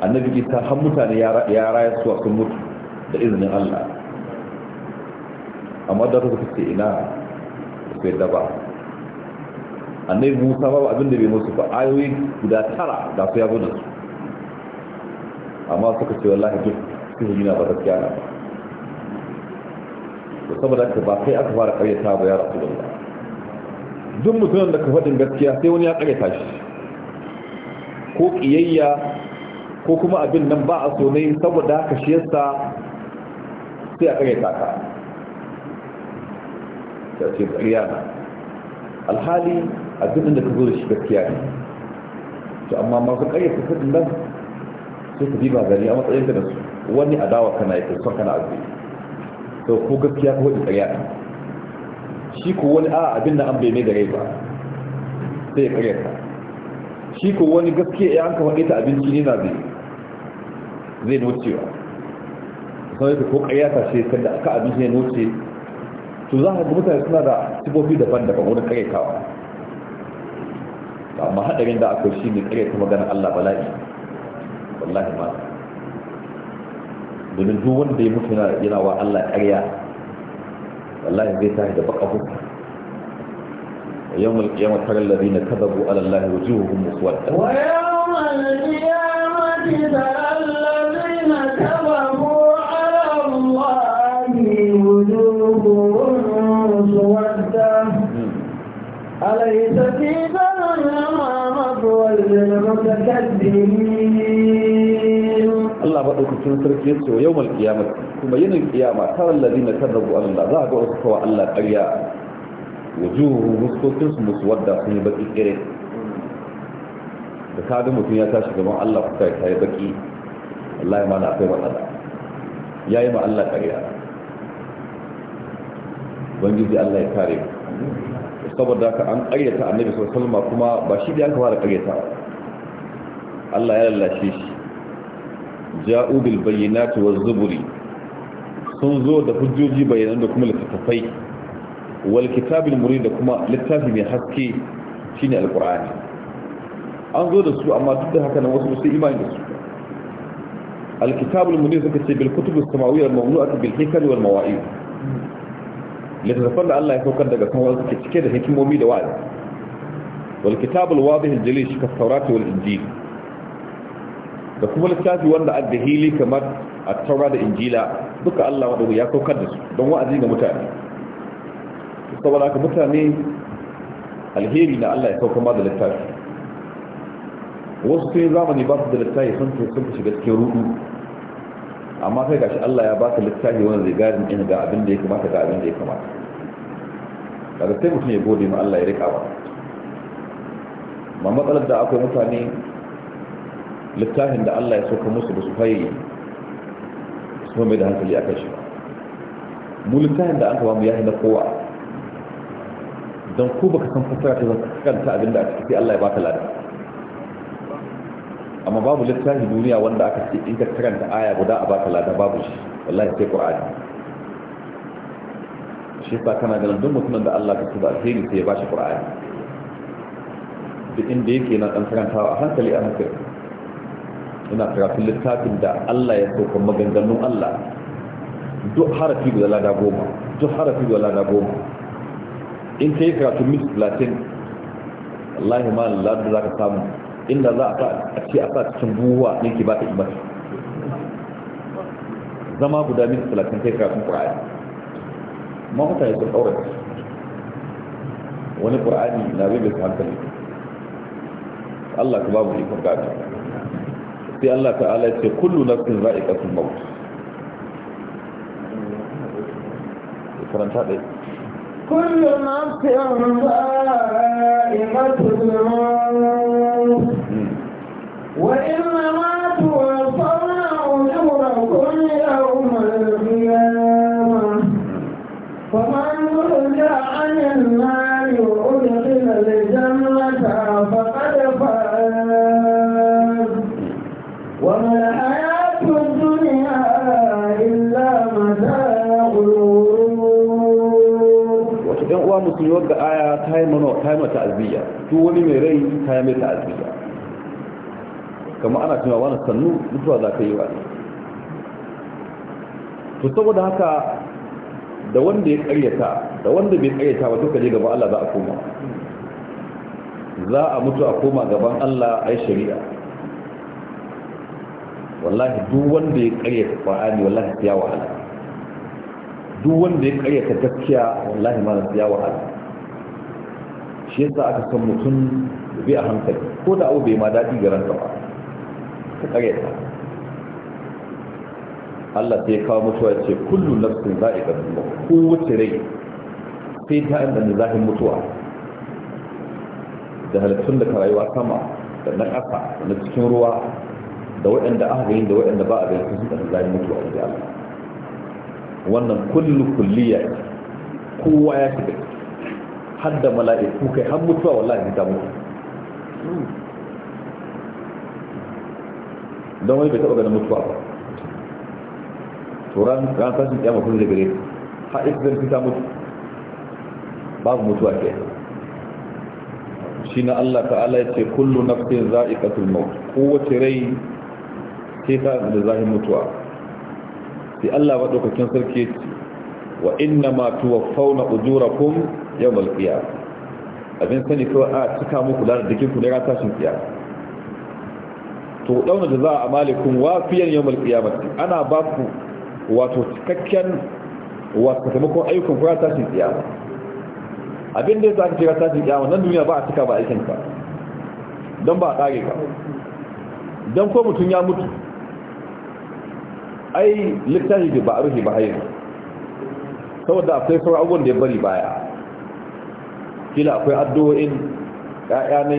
annabi isa har mutane ya raya suwa sun mutu da izinin allah amma da haka suka ce ina su yadda ba annabi musa ba abinda bai musu ba ayoyi guda tara da su ya su. amma suka ce wallahi duk sihiri na ba gaskiya na ba to saboda haka ba sai aka fara karyata ba ya rasu rasulullah duk mutumin da ka faɗin gaskiya sai wani ya karyata shi ko kiyayya ko kuma abin nan ba a so ne saboda haka shi yasa sai a karyata ka ta ce ƙarya na alhali abin da ka zo da shi gaskiya ne to amma masu karyata faɗin nan sai ka diba gari a matsayin da su wani adawa kana ya son kana azumi to ko gaskiya ko wani tsariya shi ko wani a abin da an bai mai gare ba sai ya tsariya ka shi ko wani gaskiya ya eh, hanka faɗe ta abinci ne na zai zai nocewa sai ka ko ƙarya ka ce kada aka abinci ne noce to za ka ga mutane suna da sifofi daban-daban wurin ƙarya kawa amma haɗarin da aka shi ne ƙarya ta magana Allah bala'i wallahi ba domin duk wanda ya mutu yana wa Allah ƙarya wallahi zai tashi da baka hukka yawmal qiyamah tara alladhina kadhabu ala allahi wujuhuhum muswadda wa yawmal qiyamati tara alladhina kadhabu ala allahi wujuhuhum muswadda hmm. alaysa fi jahannama ma'wal lil mutakabbireen madaukakin sarki yace wa yawmal qiyamah kuma yinin qiyama taral ladina kadabu Allah za ga wasu kawa Allah ƙarya wujuhu muskokin su wadda sun yi baki kire da kaga mutum ya tashi gaban Allah kuka ya kai baki wallahi ma na kai matsala yayi ma Allah ƙarya ubangiji Allah ya kare mu saboda haka an ƙaryata annabi sallallahu alaihi wasallam kuma ba shi da aka fara ƙaryata Allah ya lallashe shi ja'u bil bayyinati waz zuburi sun zo da hujjoji bayanan da kuma littattafai wal kitabil murid da kuma littafi mai haske shine alqur'ani an zo da su amma duk da haka nan wasu sai imani da su alkitabul murid suka ce bil kutubus samawiyya al mamlu'at bil hikam wal mawa'id littattafan da Allah ya saukar daga kan wasu cike da hikimomi da wa'azi wal kitabul wadih al jalil shi ka tawrat wal injil da kuma littafi wanda adda hili kamar a taura da injila duka Allah wadda ya kaukar da su don wa'azi ga mutane saboda ka mutane alheri na Allah ya kaukar ma da littafi wasu sun zamani ba su da littafi sun fi sun fi shiga cikin rudu amma sai gashi Allah ya ba su littafi wanda zai gari in ga abin da ya kamata ga abin da ya kamata daga sai mutum ya gode ma Allah ya rika ba ma matsalar da akwai mutane littafin da Allah ya soka musu da su fayi su mai da hankali a kashi mu littafin da an kawo mu yahi na kowa don ku baka san fasara ta zaka kanta abin da aka Allah ya baka lada amma babu littafi duniya wanda aka ce in ka karanta aya guda a baka lada babu shi wallahi sai qur'ani shi ba kana ganin duk mutumin da Allah ka tuba alheri sai ya bashi qur'ani duk inda yake na dan karantawa a hankali a hankali Ina karatun littafin da Allah ya sauka maganganun Allah duk harafi da lada goma duk harafi da lada goma in ka yi karatun mil latin wallahi ma lalata za ka samu inda za a ce a sa cikin buwa ne ke ba ta imar zama guda mil latin yi karatun ƙwa'ayi ma yi sun ɗaura wani ƙur'ani na bai bai hankali Allah ka babu ikon gadi sai Allah ta'ala ce kullu nafsin za'iqatul maut karanta dai kullu nafsin za'iqatul maut hmm. wa inna musulmi wadda aya ta yi mana mata albiya duk wani mai rai ta yi mata albiya kama ana cewa wani sannu mutuwa za ka yi wa to saboda haka da wanda ya karyata da wanda bai karyata ba duka je gaba Allah za a koma za a mutu a koma gaban Allah a yi shari'a wallahi duk wanda ya karyata ƙwa'ani wallahi ya wahala duk wanda ya karyata gaskiya wallahi ma ya wahala shi yasa aka san mutum da bai a hankali ko da abu bai ma daɗi ga ranka ba ka karyata Allah sai ya kawo mutuwa ce kullu nafsin za'iqa ko kowace rai sai ta inda zahin mutuwa da halittun da ka rayuwa sama da na ƙasa da na cikin ruwa da waɗanda aka gani da waɗanda ba a gani sun da zahin mutuwa da Allah wannan kullu kulliya kowa ya fi har hadda mala'iku kai har mutuwa wallahi ta mutu don wani bai taɓa ganin mutuwa ba turan ran tashin kyamar kuma da gare har ikon fita mutu babu mutuwa ke shi na Allah ta'ala ya ce kullu nafsin za'iqatul maut kowace rai sai ta da zahin mutuwa sai Allah maɗaukakin sarki ce wa inna ma tuwaffawna ujurakum yawmal qiyam abin sani ko a cika muku da dikin ku ne ran tashin qiyam to dauna da za a malikum wafiyan yawmal qiyamati ana ba ku wato cikakken wato sakamakon ayyukan ku ran tashin qiyam abin da zaka jira tashin qiyam nan duniya ba a cika ba aikin ka dan ba a kare ka dan ko mutun ya mutu ai littafi ba a rufe ba hayin saboda akwai sauran abubuwan da ya bari baya kila akwai addu'o'in ƴaƴa ne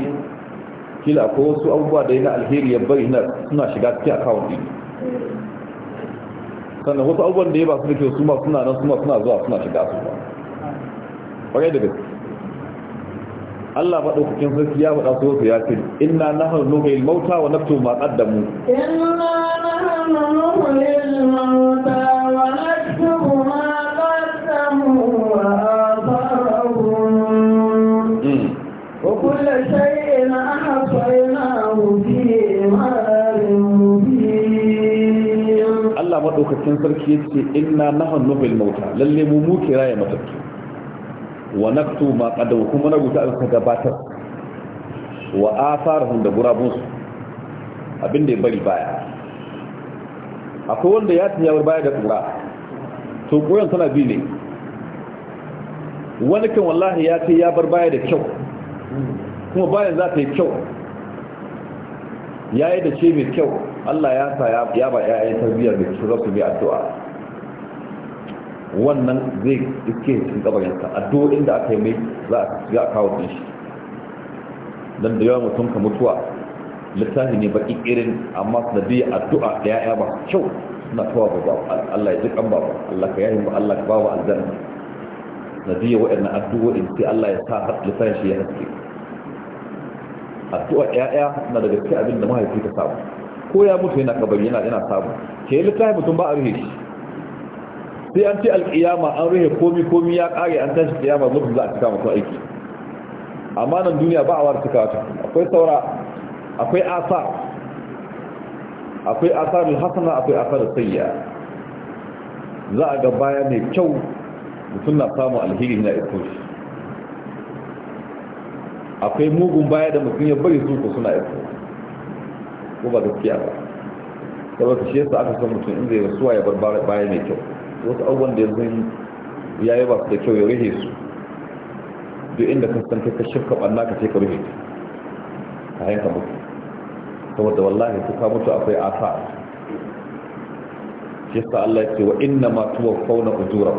kila akwai wasu abubuwa da yana alheri ya bari suna shiga cikin akawun ɗin sannan wasu abubuwan da ya ba su da kyau su ma suna nan su ma suna zuwa suna shiga su ba ƙwarai da gaske Allah madaukakin sarki ya faɗa so hmm. ya ce inna nahnu nuhil mauta wa naktu ma qaddamu inna nahnu nuhil mauta wa naktu ma qaddamu wa atharahum wa kullu shay'in ahsaynahu fi imanin mubin Allah madaukakin sarki yace inna nahnu nuhil mauta lalle mu mu ya matattu wa naktu ma qadaw kuma na rubuta abin gabatar wa atharhum da gurabun su abin da ya bari baya akwai wanda ya bar baya da kura to kuran tana bi ne wani kan wallahi ya ce ya bar baya da kyau kuma bayan za ta yi kyau ya yi da ce mai kyau Allah ya sa ya ba yayin tarbiyyar da su zasu bi addu'a wannan zai iske cikin kabarinsa addu'o'in da aka yi mai za a kawo din shi don da yawan mutum ka mutuwa littafi ne baki irin amma da biya addu'a da ya'ya ba kyau suna kawo ba Allah ya ji kan ba. Allah ka yayin ba Allah ka bawa aljanna Na biya waɗannan addu'o'in sai Allah ya sa littafi shi ya haske addu'a ya'ya na daga cikin abin da mahaifi ka samu ko ya mutu yana kabari yana yana samu ke littafi mutum ba a rufe shi sai an ce alƙiyama an rufe komi komi ya ƙare an tashi ƙiyama zuwa za a cika masu aiki amma nan duniya ba a wata cika wata akwai saura akwai asa akwai asa mai hasana akwai asa da sayya za a ga baya mai kyau mutum na samun alheri na iko shi akwai mugun baya da mutum ya bari su suna iko ko ba gaskiya ba saboda shi yasa aka san mutum inda ya rasuwa ya bar baya mai kyau wasu abubuwan da yanzu ya yi ba su da kyau ya rihe su duk inda ka san ka shirka ɓanna ka ce ka rihe ta hanyar ka mutu saboda wallahi su kama su akwai asa shi sa Allah ya ce wa inna ma tuwa fauna ujura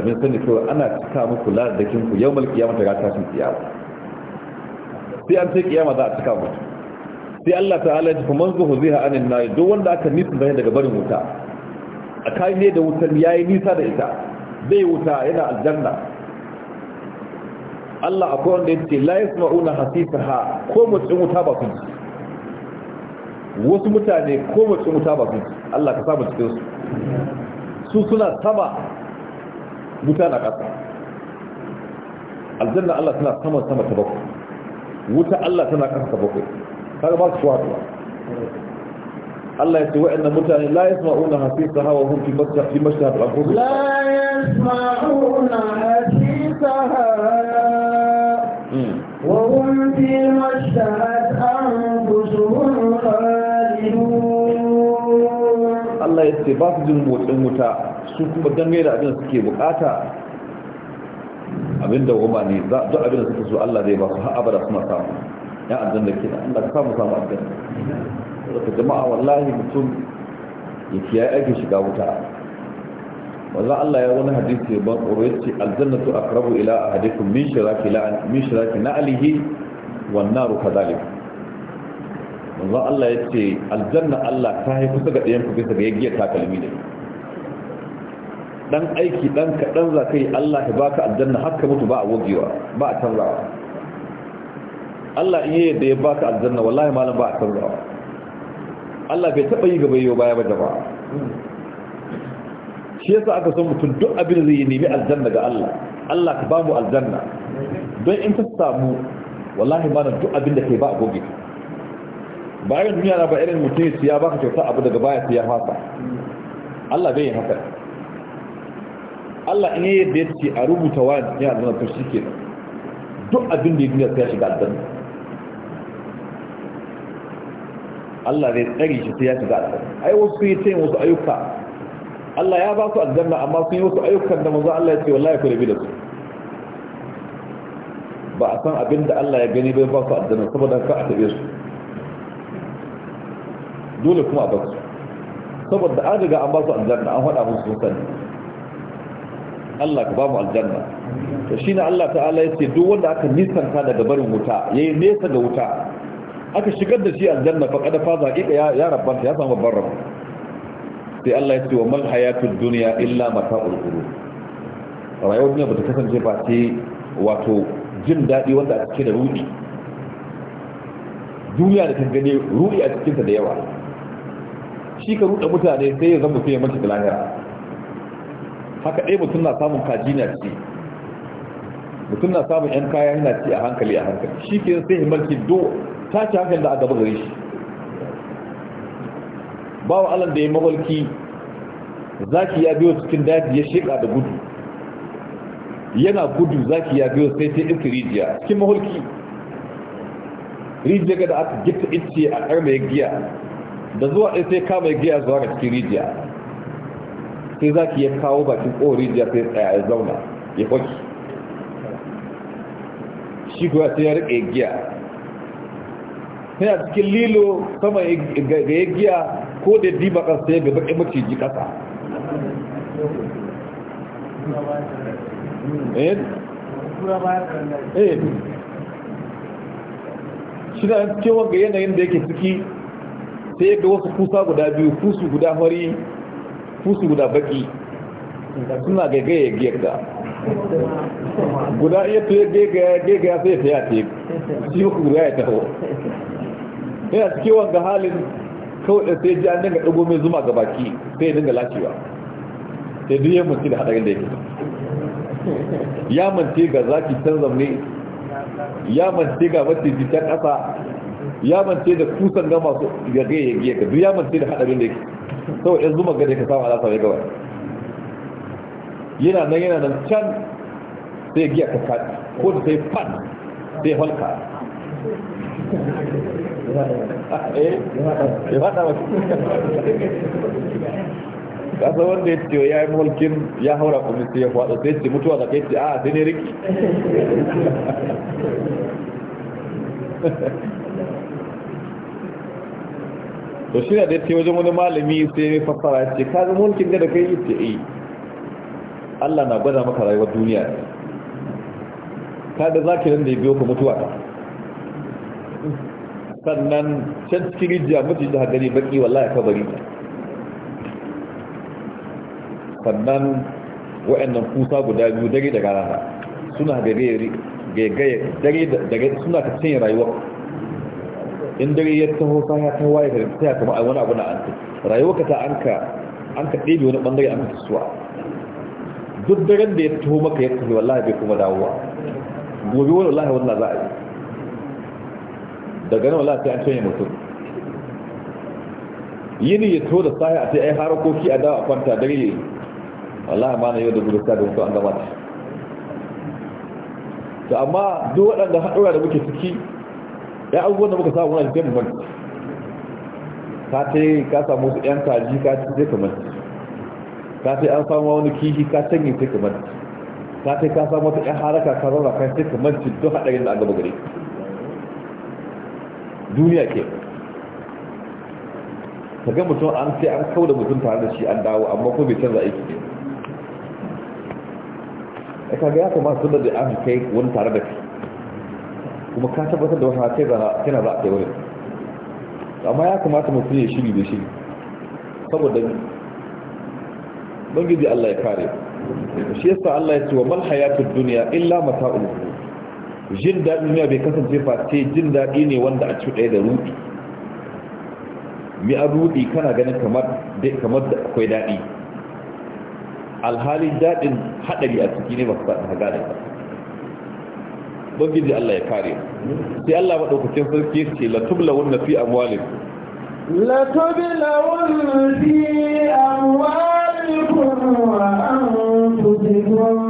abin sani kawai ana cika muku ladadakin ku yau malki yamata ga tashin kiyama sai an sai kiyama za a cika mutu sai Allah ta'ala ya ce kuma zuhu zai ha'anin na duk wanda aka nisa zai daga barin wuta tsakani ne da wutar ya yi nisa da ita zai wuta yana aljanna Allah akwai wanda ya ce layis ma'una hasisa ha ko mutsin wuta ba sun wasu mutane ko mutsin wuta ba sun Allah ka samu cikin su su suna sama wuta na ƙasa aljanna Allah tana sama sama ta bakwai wuta Allah tana ƙasa ta bakwai kaga ba su shi Allah ya ce wa'annan mutane la yasma'una hasisa hawa hum fi masjid fi masjid al-anfus la yasma'una hasisa hmm. wa hum fi masjid anfusuhum khalidun Allah ya ce ba su jin motsin wuta su kuma dangane da abin da suke bukata abin da goma ne za duk abin da suke so Allah zai ba su har abada kuma samu ya aljanna kina Allah ka samu samu abin. daga jama'a wallahi mutum ya kiyaye ake shiga wuta wanzan Allah ya wani hadisi ban ƙoro ya ce aljannatu aqrabu ila ahadikum min shiraki la min shiraki na'lihi wan naru kadhalik wanzan Allah ya ce aljanna Allah ta yi kusa ga ɗayan ku ga yaggiyar takalmi ne dan aiki dan kaɗan za ka yi Allah ya baka aljanna haka mutu ba a wogewa ba a canzawa Allah iya yadda ya baka aljanna wallahi malam ba a canzawa Allah bai taɓa yi gaba yau baya ba jama'a shi yasa aka son mutum duk abin da zai yi nemi aljanna ga Allah Allah ka bamu aljanna don in ka samu wallahi ma na duk abin da kai ba a goge bayan duniya na ba irin mutum ya siya baka kyauta abu daga baya siya fasa Allah bai yi haka Allah in yi yadda ya ce a rubuta wani ya aljanna to shi kenan duk abin da ya duniya sai ya shiga aljanna Allah zai tsari shi sai ya shiga aljanna ai wasu yi tayin wasu ayyuka Allah ya ba su aljanna amma sun yi wasu ayyukan da manzo Allah ya ce wallahi ku rabi da su ba a san abin da Allah ya gani bai ba su aljanna saboda ka a tabe su dole kuma a ba su saboda an riga an ba su aljanna an faɗa musu sun sani Allah ka ba mu aljanna to shine Allah ta'ala ya ce duk wanda aka nisanta daga barin wuta yayi nesa ga wuta aka shigar da shi aljanna fa kada fa zaqiqa ya ya rabban ya samu babban rabu sai Allah ya ce wa mal hayatud dunya illa mata'ul ghurur rayuwar duniya bata kasance ba ce wato jin dadi wanda a cike da rudi duniya da ta gane rudi a cikin ta da yawa shi ka ruɗa mutane sai ya zama sai ya mace da lahira haka ɗaya mutum na samun kaji na ci mutum na samun 'yan kaya yana ci a hankali a hankali shi ke sai himarki do tace hakan da a gaba gare shi bawa Allah da ya mawalki zaki ya biyo cikin daji ya sheka da gudu yana gudu zaki ya biyo sai ta iska rijiya cikin mawalki rijiya da aka gita ice a karma mai giya da zuwa ɗaya sai kama mai giya zuwa ga cikin rijiya sai zaki ya kawo bakin ƙowar rijiya sai tsaya ya zauna ya kwaki shi kuwa sai ya riƙe giya tana cikin lilo sama ga ya giya ko da diba ƙasa ya gaba maciji ƙasa eh? Eh. shi an cikin wanga yanayin da yake ciki sai ga wasu kusa guda biyu kusu guda fari kusu guda baki suna gagaya giyar da guda iya tuye gagaya sai ya fiye a teku shi guda ya taho yana cikin wanga halin kawai da sai ji an dinga ɗago mai zuma ga baki sai ya dinga lafiya sai duk ya manci da haɗarin da yake ya manci ga zaki can zamne ya manci ga maciji can ƙasa ya manci da kusan ga masu gagaye ya ga duk ya manci da haɗarin da yake sau ya zuma da ka samu alasa ya gaba yana nan yana nan can sai giya ka kaɗi ko da sai fan sai halka ya faɗa kasa wanda ya ce ya yi mulkin ya haura kuma sai ya faɗo sai ce mutuwa da kai ce a ah, sai ne riki to shi da ce wajen wani malami sai ya fassara ce ka zama mulkin da da kai yi ce eh Allah na gwada maka rayuwar duniya ka zaki nan da ya biyo ka mutuwa sannan can cikin rijiya mutu da gani baki wallahi kabari sannan wa'annan kusa guda biyu dare da rana suna gare gare dare da suna ta cin rayuwa in dare ya taho sai ya taho waye garin sai kuma wani abu na an rayuwa ka ta anka an ka ɗebe wani bangare an ka suwa duk daren da ya taho maka ya tafi wallahi bai kuma dawowa gobe wani wallahi za a yi daga nan wala sai an canye mutum yini ya to da sahi a sai ai harakoki a dawa a kwanta dare wallahi ma na yau da gudu da wasu an gama ta to amma duk waɗanda haɗura da muke ciki ya abubuwan da muka samu wani sai mu ka ce ka samu su ɗan kaji ka ce sai kamar ka ce yi an samu wani kihi ka canye sai kamar ka ce ka samu wata ƴan haraka ka zauna ka sai kamar manta duk haɗarin da an gaba gare duniya ke ta ga mutum an sai an kawo da mutum tare da shi an dawo amma ko bai canza aiki ne a kaga ya kamata sun da an kai wani tare da kai kuma ka tabbatar da wata kai zana tana za a kai wani amma ya kamata mutum ya shiri da shiri saboda bangiji Allah ya kare shi yasa Allah ya ce wa mal hayatud dunya illa mata'ul jin daɗi ne bai kasance face jin daɗi ne wanda a cuɗe da ruɗi mi a ruɗi kana ganin kamar da akwai daɗi alhali daɗin haɗari a ciki ne ba su faɗin haga da ba bangiji Allah ya kare sai Allah maɗaukacin sarki ce latubla na fi amwalin latubla na fi amwalin wa an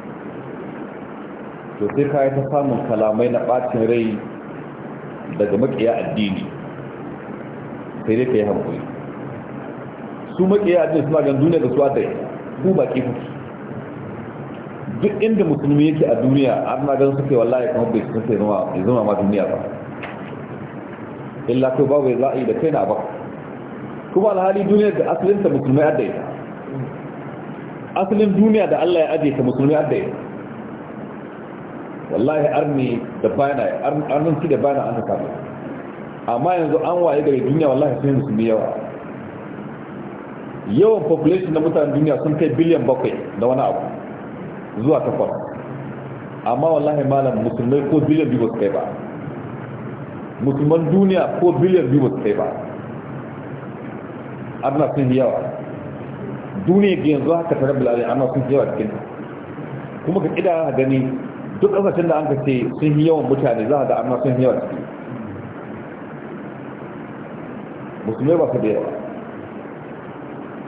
to sai ka ta samun kalamai na ɓacin rai daga makiya addini sai dai ka yi hankali su makiya addini suna gan duniya da su adai ku baki kuki duk inda musulmi yake a duniya an na gan suke wallahi kuma bai sun sai zama ma duniya ba illa kai babu ya za'a yi da kai na ba kuma alhali duniya da asalinta musulmai adai asalin duniya da Allah ya ajiye ta musulmi adai wallahi armi da bana Armin ki da bana an saka amma yanzu an waye gare duniya wallahi sai musulmi yawa yawan population na mutanen duniya sun kai biliyan bakwai da wani abu zuwa takwas amma wallahi malam musulmai ko biliyan biyu ba su kai ba musulman duniya ko biliyan biyu ba su kai ba arna sun yawa duniya ga yanzu haka ta rabbi lalai arna sun yawa cikin kuma ka kida gani duk ƙasashen da an ka ce sun yi yawan mutane za a ga amma sun yi yawan ciki musulmai ba su da yawa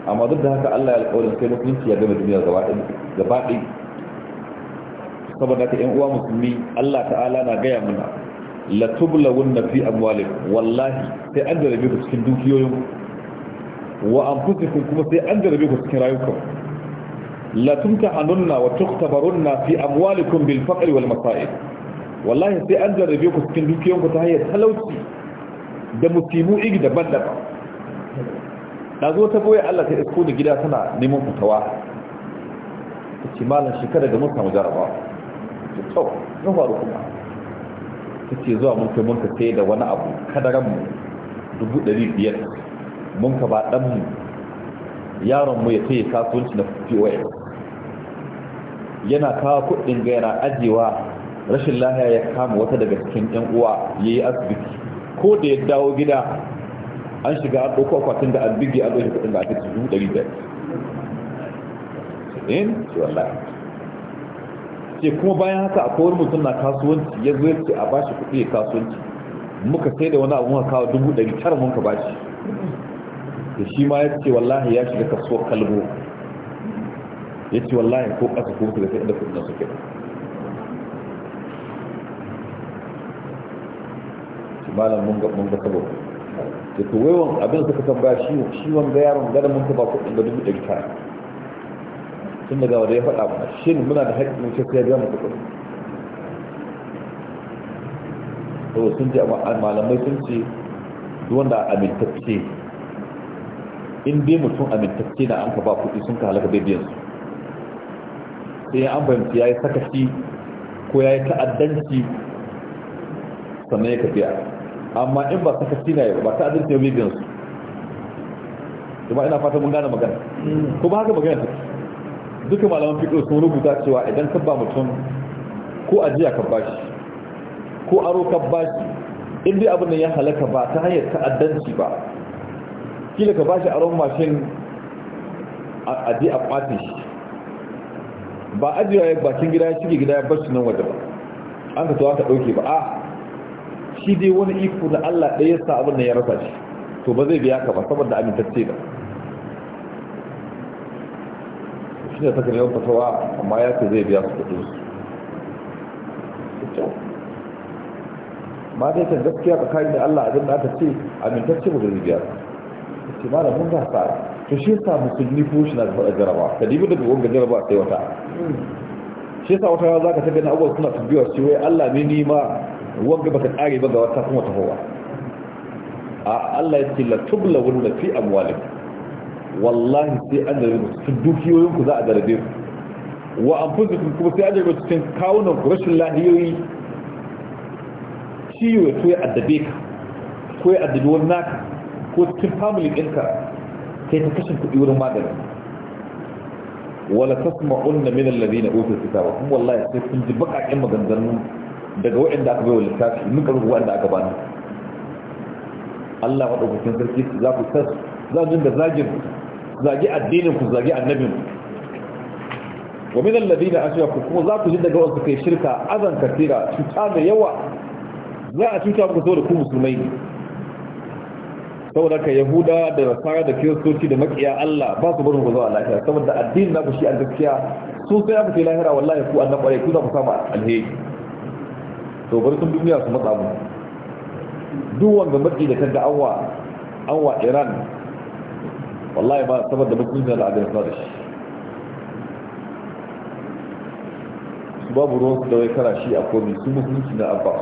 amma duk da haka allah ya alƙawarin sai musulunci ya gama duniya gaba ɗin saboda ka yan uwa musulmi allah ta'ala na gaya mana. la wunna fi amwalikum wallahi sai an jarabe ku cikin dukiyoyin wa an kuma sai an jarabe ku cikin rayukanku la tumtahanunna wa tuktabarunna fi amwalikum bil faqr wal masa'ib wallahi sai an jarrabe ku cikin dukiyanku ta hanyar talauci da musibu igi daban-daban na zo ta boye Allah ta isko da gida tana neman fitawa ta ce malam shekara da mun samu jarabawa ta kyau na faru kuma ta ce zuwa mun kai mun ka sai da wani abu kadaran mu dubu ɗari biyar mun ka ba ɗan mu yaron mu ya ce kasuwanci na pos yana kawo kuɗin gaira ajiyewa rashin lahiya ya kama wata daga cikin yan uwa ya yi asibiti ko da ya dawo gida an shiga a ɗauko akwatin da an bigi a ɗauki kuɗin da aka cikin ɗari biyar in eh, ce wallahi ce kuma bayan haka akwai wani mutum na kasuwanci ya zo ce a bashi kuɗi ya kasuwanci muka sai da wani abu muka kawo dubu ɗari tara mun ka bashi da shi ma ya ce wallahi ya shiga kasuwar kalbo ya ce wallahi ko ƙasa ko kuka sai da kudin suke ke malam mun ga mun ga sabo ya to wayon abin suka tambaya shi shi ga yaron gada mun ba ku da dubu ɗari tara tun daga wanda ya faɗa ba shi ne muna da haƙƙin shi sai ya mu ku to sun ji malamai sun ce duk wanda amintacce in dai mutum amintacce na an ka ba kuɗi sun ka halaka bai biyan su sai an fahimci ya yi sakaci ko ya yi ta'addanci sannan ya tafiya amma in ba sakaci na yi ba ta'addanci ya bibin su kuma ina fata mun gane magana kuma haka magana ta duka malaman fiƙo sun rubuta cewa idan ka ba mutum ko ajiya ka ba shi ko aro ka ba shi in dai abin da ya halaka ba ta hanyar ta'addanci ba kila ka ba shi aron mashin a je a shi ba ajiyewa ya bakin gida ya cike gida ya bar shi nan waje ba an ka tawata ta ba a shi dai wani iko na Allah ɗaya ya sa abin da ya rasa shi to ba zai biya ka ba saboda amintacce da shi ne sakar yawan fatawa amma ya ce zai biya su kuɗin ma dai kan gaskiya tsakanin da Allah abin da aka ce amintacce ba zai biya ba. ce ma da mun ga sa'a to shi yasa musulmi ko shi na da jaraba ka dibi da wanga jaraba sai wata shi yasa wata za ka ta gani abubuwa suna tabbiwa shi wai Allah ne ni ma wanga baka tsare ba ga wata kuma ta hawa a Allah ya ce la tubla wanda fi amwalik wallahi sai an da su dukiyoyin ku za a garabe ku wa anfusukum kuma sai an da cikin kawunan ku rashin lahiyoyi ciwo ya to ya addabe ka ko ya addabi wani naka ko cikin family ɗinka sai ta kashe kuɗi wurin magani wala tasma'unna min alladhina utul kitaba kuma wallahi sai kun ji bakakin maganganu daga waɗanda aka bai wa littafi mun karu waɗanda aka bani Allah madaukakin sarki za ku sas za ku da zagin zagi addinin ku zagi annabin wa min alladhina ashraku kuma za ku ji daga wasu kai shirka azan kafira cuta mai yawa za a cuta muku saboda ku musulmai ne saboda ka yahuda da nasara da kiristoci da makiya Allah ba su barin ku zuwa lahira saboda na ku shi an gaskiya su sai aka ce lahira wallahi ku annan kwarai ku za ku samu alheri to bari sun duniya su matsa mu duk wanda maki da kanta anwa anwa Iran wallahi ba saboda mutunci da adalci da shi babu ruwan su da wai kara shi a komi su mutunci na abba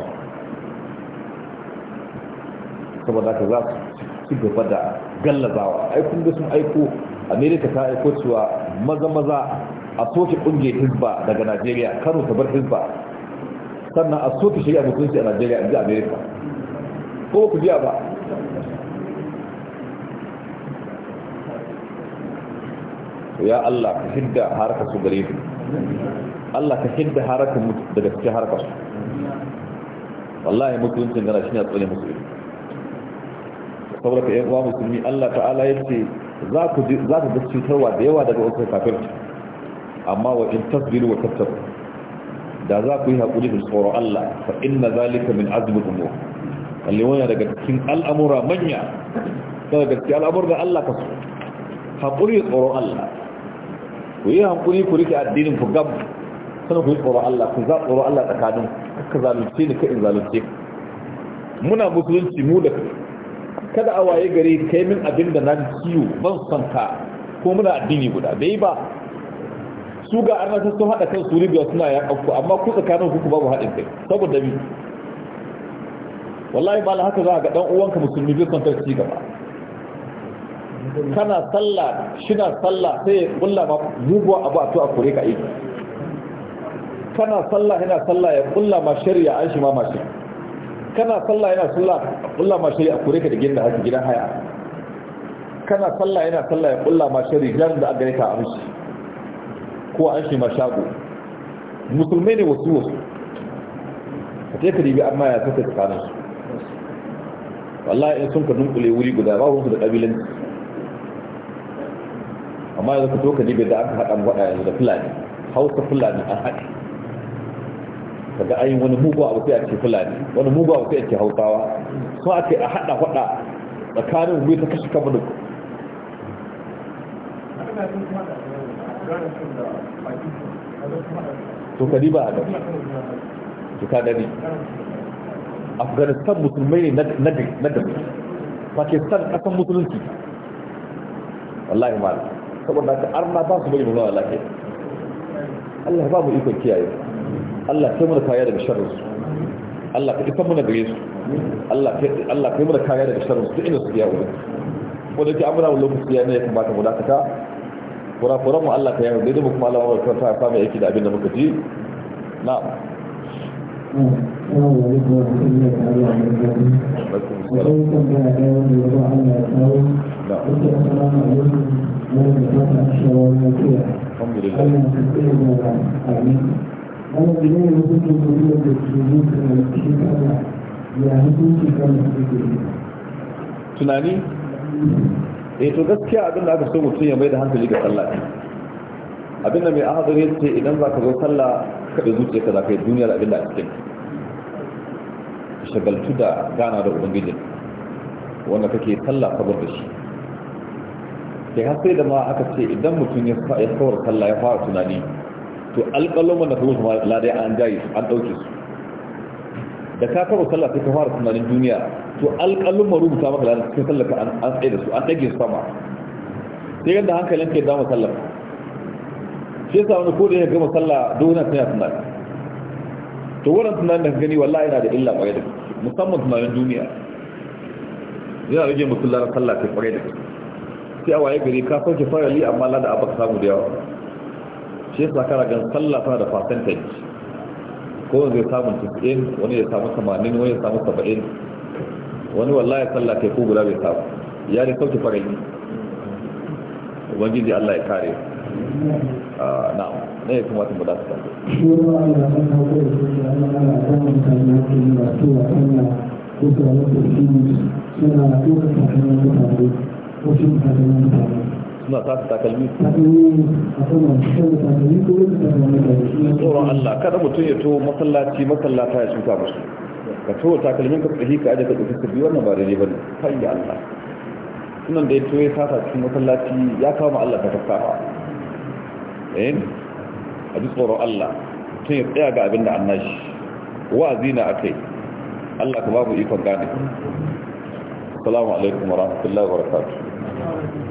saboda ka za su ci gaba da gallazawa kun ga sun aiko amerika ta aiko cewa maza maza a soke kunge hizba daga nigeria kano ta bar hizba sannan a soke shirya mutunci a najeriya a america ko ku biya ba ya allah ka hidda harkar su gare su allah ka hidda harkar daga cikin harkar su wallahi mutuncin gana shi ne a tsare musulmi saboda ka uwa musulmi Allah ta'ala ya ce za ku ga cutarwa da yawa daga wasu kafirci amma wa in tasbiru wa tattabu da za ku yi haƙuri da tsoro Allah fa inna zalika min azmi umur kalli wani daga cikin al'amura manya daga cikin al'amur da Allah ka so haƙuri da tsoro Allah ku yi haƙuri ku rike addinin ku gab sannan ku yi tsoro Allah ku za tsoro Allah tsakanin ka zalunce ni ka in zalunce muna musulunci mu da kada a waye gare kai min abin da na kiyo ban son ka ko muna addini guda bai ba su ga arna sun haɗa kan suri riga suna ya ku amma ku tsakanin ku babu haɗin kai saboda bi wallahi ba haka za a ga ɗan uwanka musulmi bai son tarci gaba kana sallah shina sallah sai ya kulla ma muguwa abu a to a kore ka aiki kana sallah yana sallah ya kulla ma shari'a an shi ma ma shari'a kana sallah yana sallah kullu ma shari'a kure kore ka da gidan haka gidan haya kana sallah yana sallah ya kulla ma shari'a jan da aka ka amshi ko an shi ma shago musulmai ne wasu wasu ka ce ka ribi amma ya sassa tsakanin su wallahi in sun ka dunkule wuri guda ba su da kabilan amma yanzu ka to ka ribi da aka haɗa mu waɗa yanzu da fulani hausa fulani an haɗe kaga ayin wani mugu abu sai a ce fulani wani mugu abu sai a ce hausawa so a ce a hada hada tsakanin wuri ta kashe kama duk to kadi ba a to ka gani afghanistan musulmai ne na gani pakistan kasan musulunci wallahi ma saboda ka arna ba su bai mu zama lafiya Allah ba mu ikon kiyaye Allah kai mana kaya daga sharrin su Allah ka kitan mana gare su Allah kai mana kaya daga su inda su ya wuce wanda ke amurawa lokaci ya ya kamata mu dakata kurakuran mu Allah ka yawo daidai kuma Allah wa kanta ya fama yake da abin da muka ji na'am Alhamdulillah. da ya tunani eh to gaskiya abin da aka so mutum ya mai da hankali ga sallah abin da mai ahadari ce idan za ka zo sallah da zuciya ka za ka yi duniyar abin da a cikin shagaltu da gana da ubangijin wanda kake sallah saboda shi sai har sai da ma aka ce idan mutum ya kawar sallah ya fara tunani to alƙalon da kuma kuma ladai an gaye an ɗauke su da ka kawo sallah sai ka fara tunanin duniya to alƙalon ma rubuta maka ladai cikin sallah ka an tsaye da su an ɗage su sama sai yadda hankalin ka ya dama sallah shi yasa wani ko da ya gama sallah dole sai ya tunani to wannan tunanin da ka gani wallahi yana da illa ƙwarai da musamman tunanin duniya yana rage mutum ladar sallah sai ƙwarai da sai a waye gari ka sauke li, amma lada abaka samu da yawa shi yasa kana gan sallah tana da percentage ko wanda zai samu 90 wani ya samu 80 wani ya samu 70 wani wallahi sallah kai ko guda bai samu ya ne sauki fara yi ubangiji Allah ya kare a na ne ya kamata mu da su kan wasu mutane mutane suna sa su takalmi tsoron Allah kada mutum ya to masallaci masallata ya shuka musu ka to takalmin ka tsahi ka aje ka tsahi ka biyu wannan ba daidai bane kan ya Allah sunan da ya to ya sata cikin masallaci ya kawo ma Allah ka kafafa eh a ji tsoron Allah mutum ya tsaya ga abin da annashi wa'azi na kai. Allah ka mu ikon gane assalamu alaikum wa rahmatullahi wa barakatuh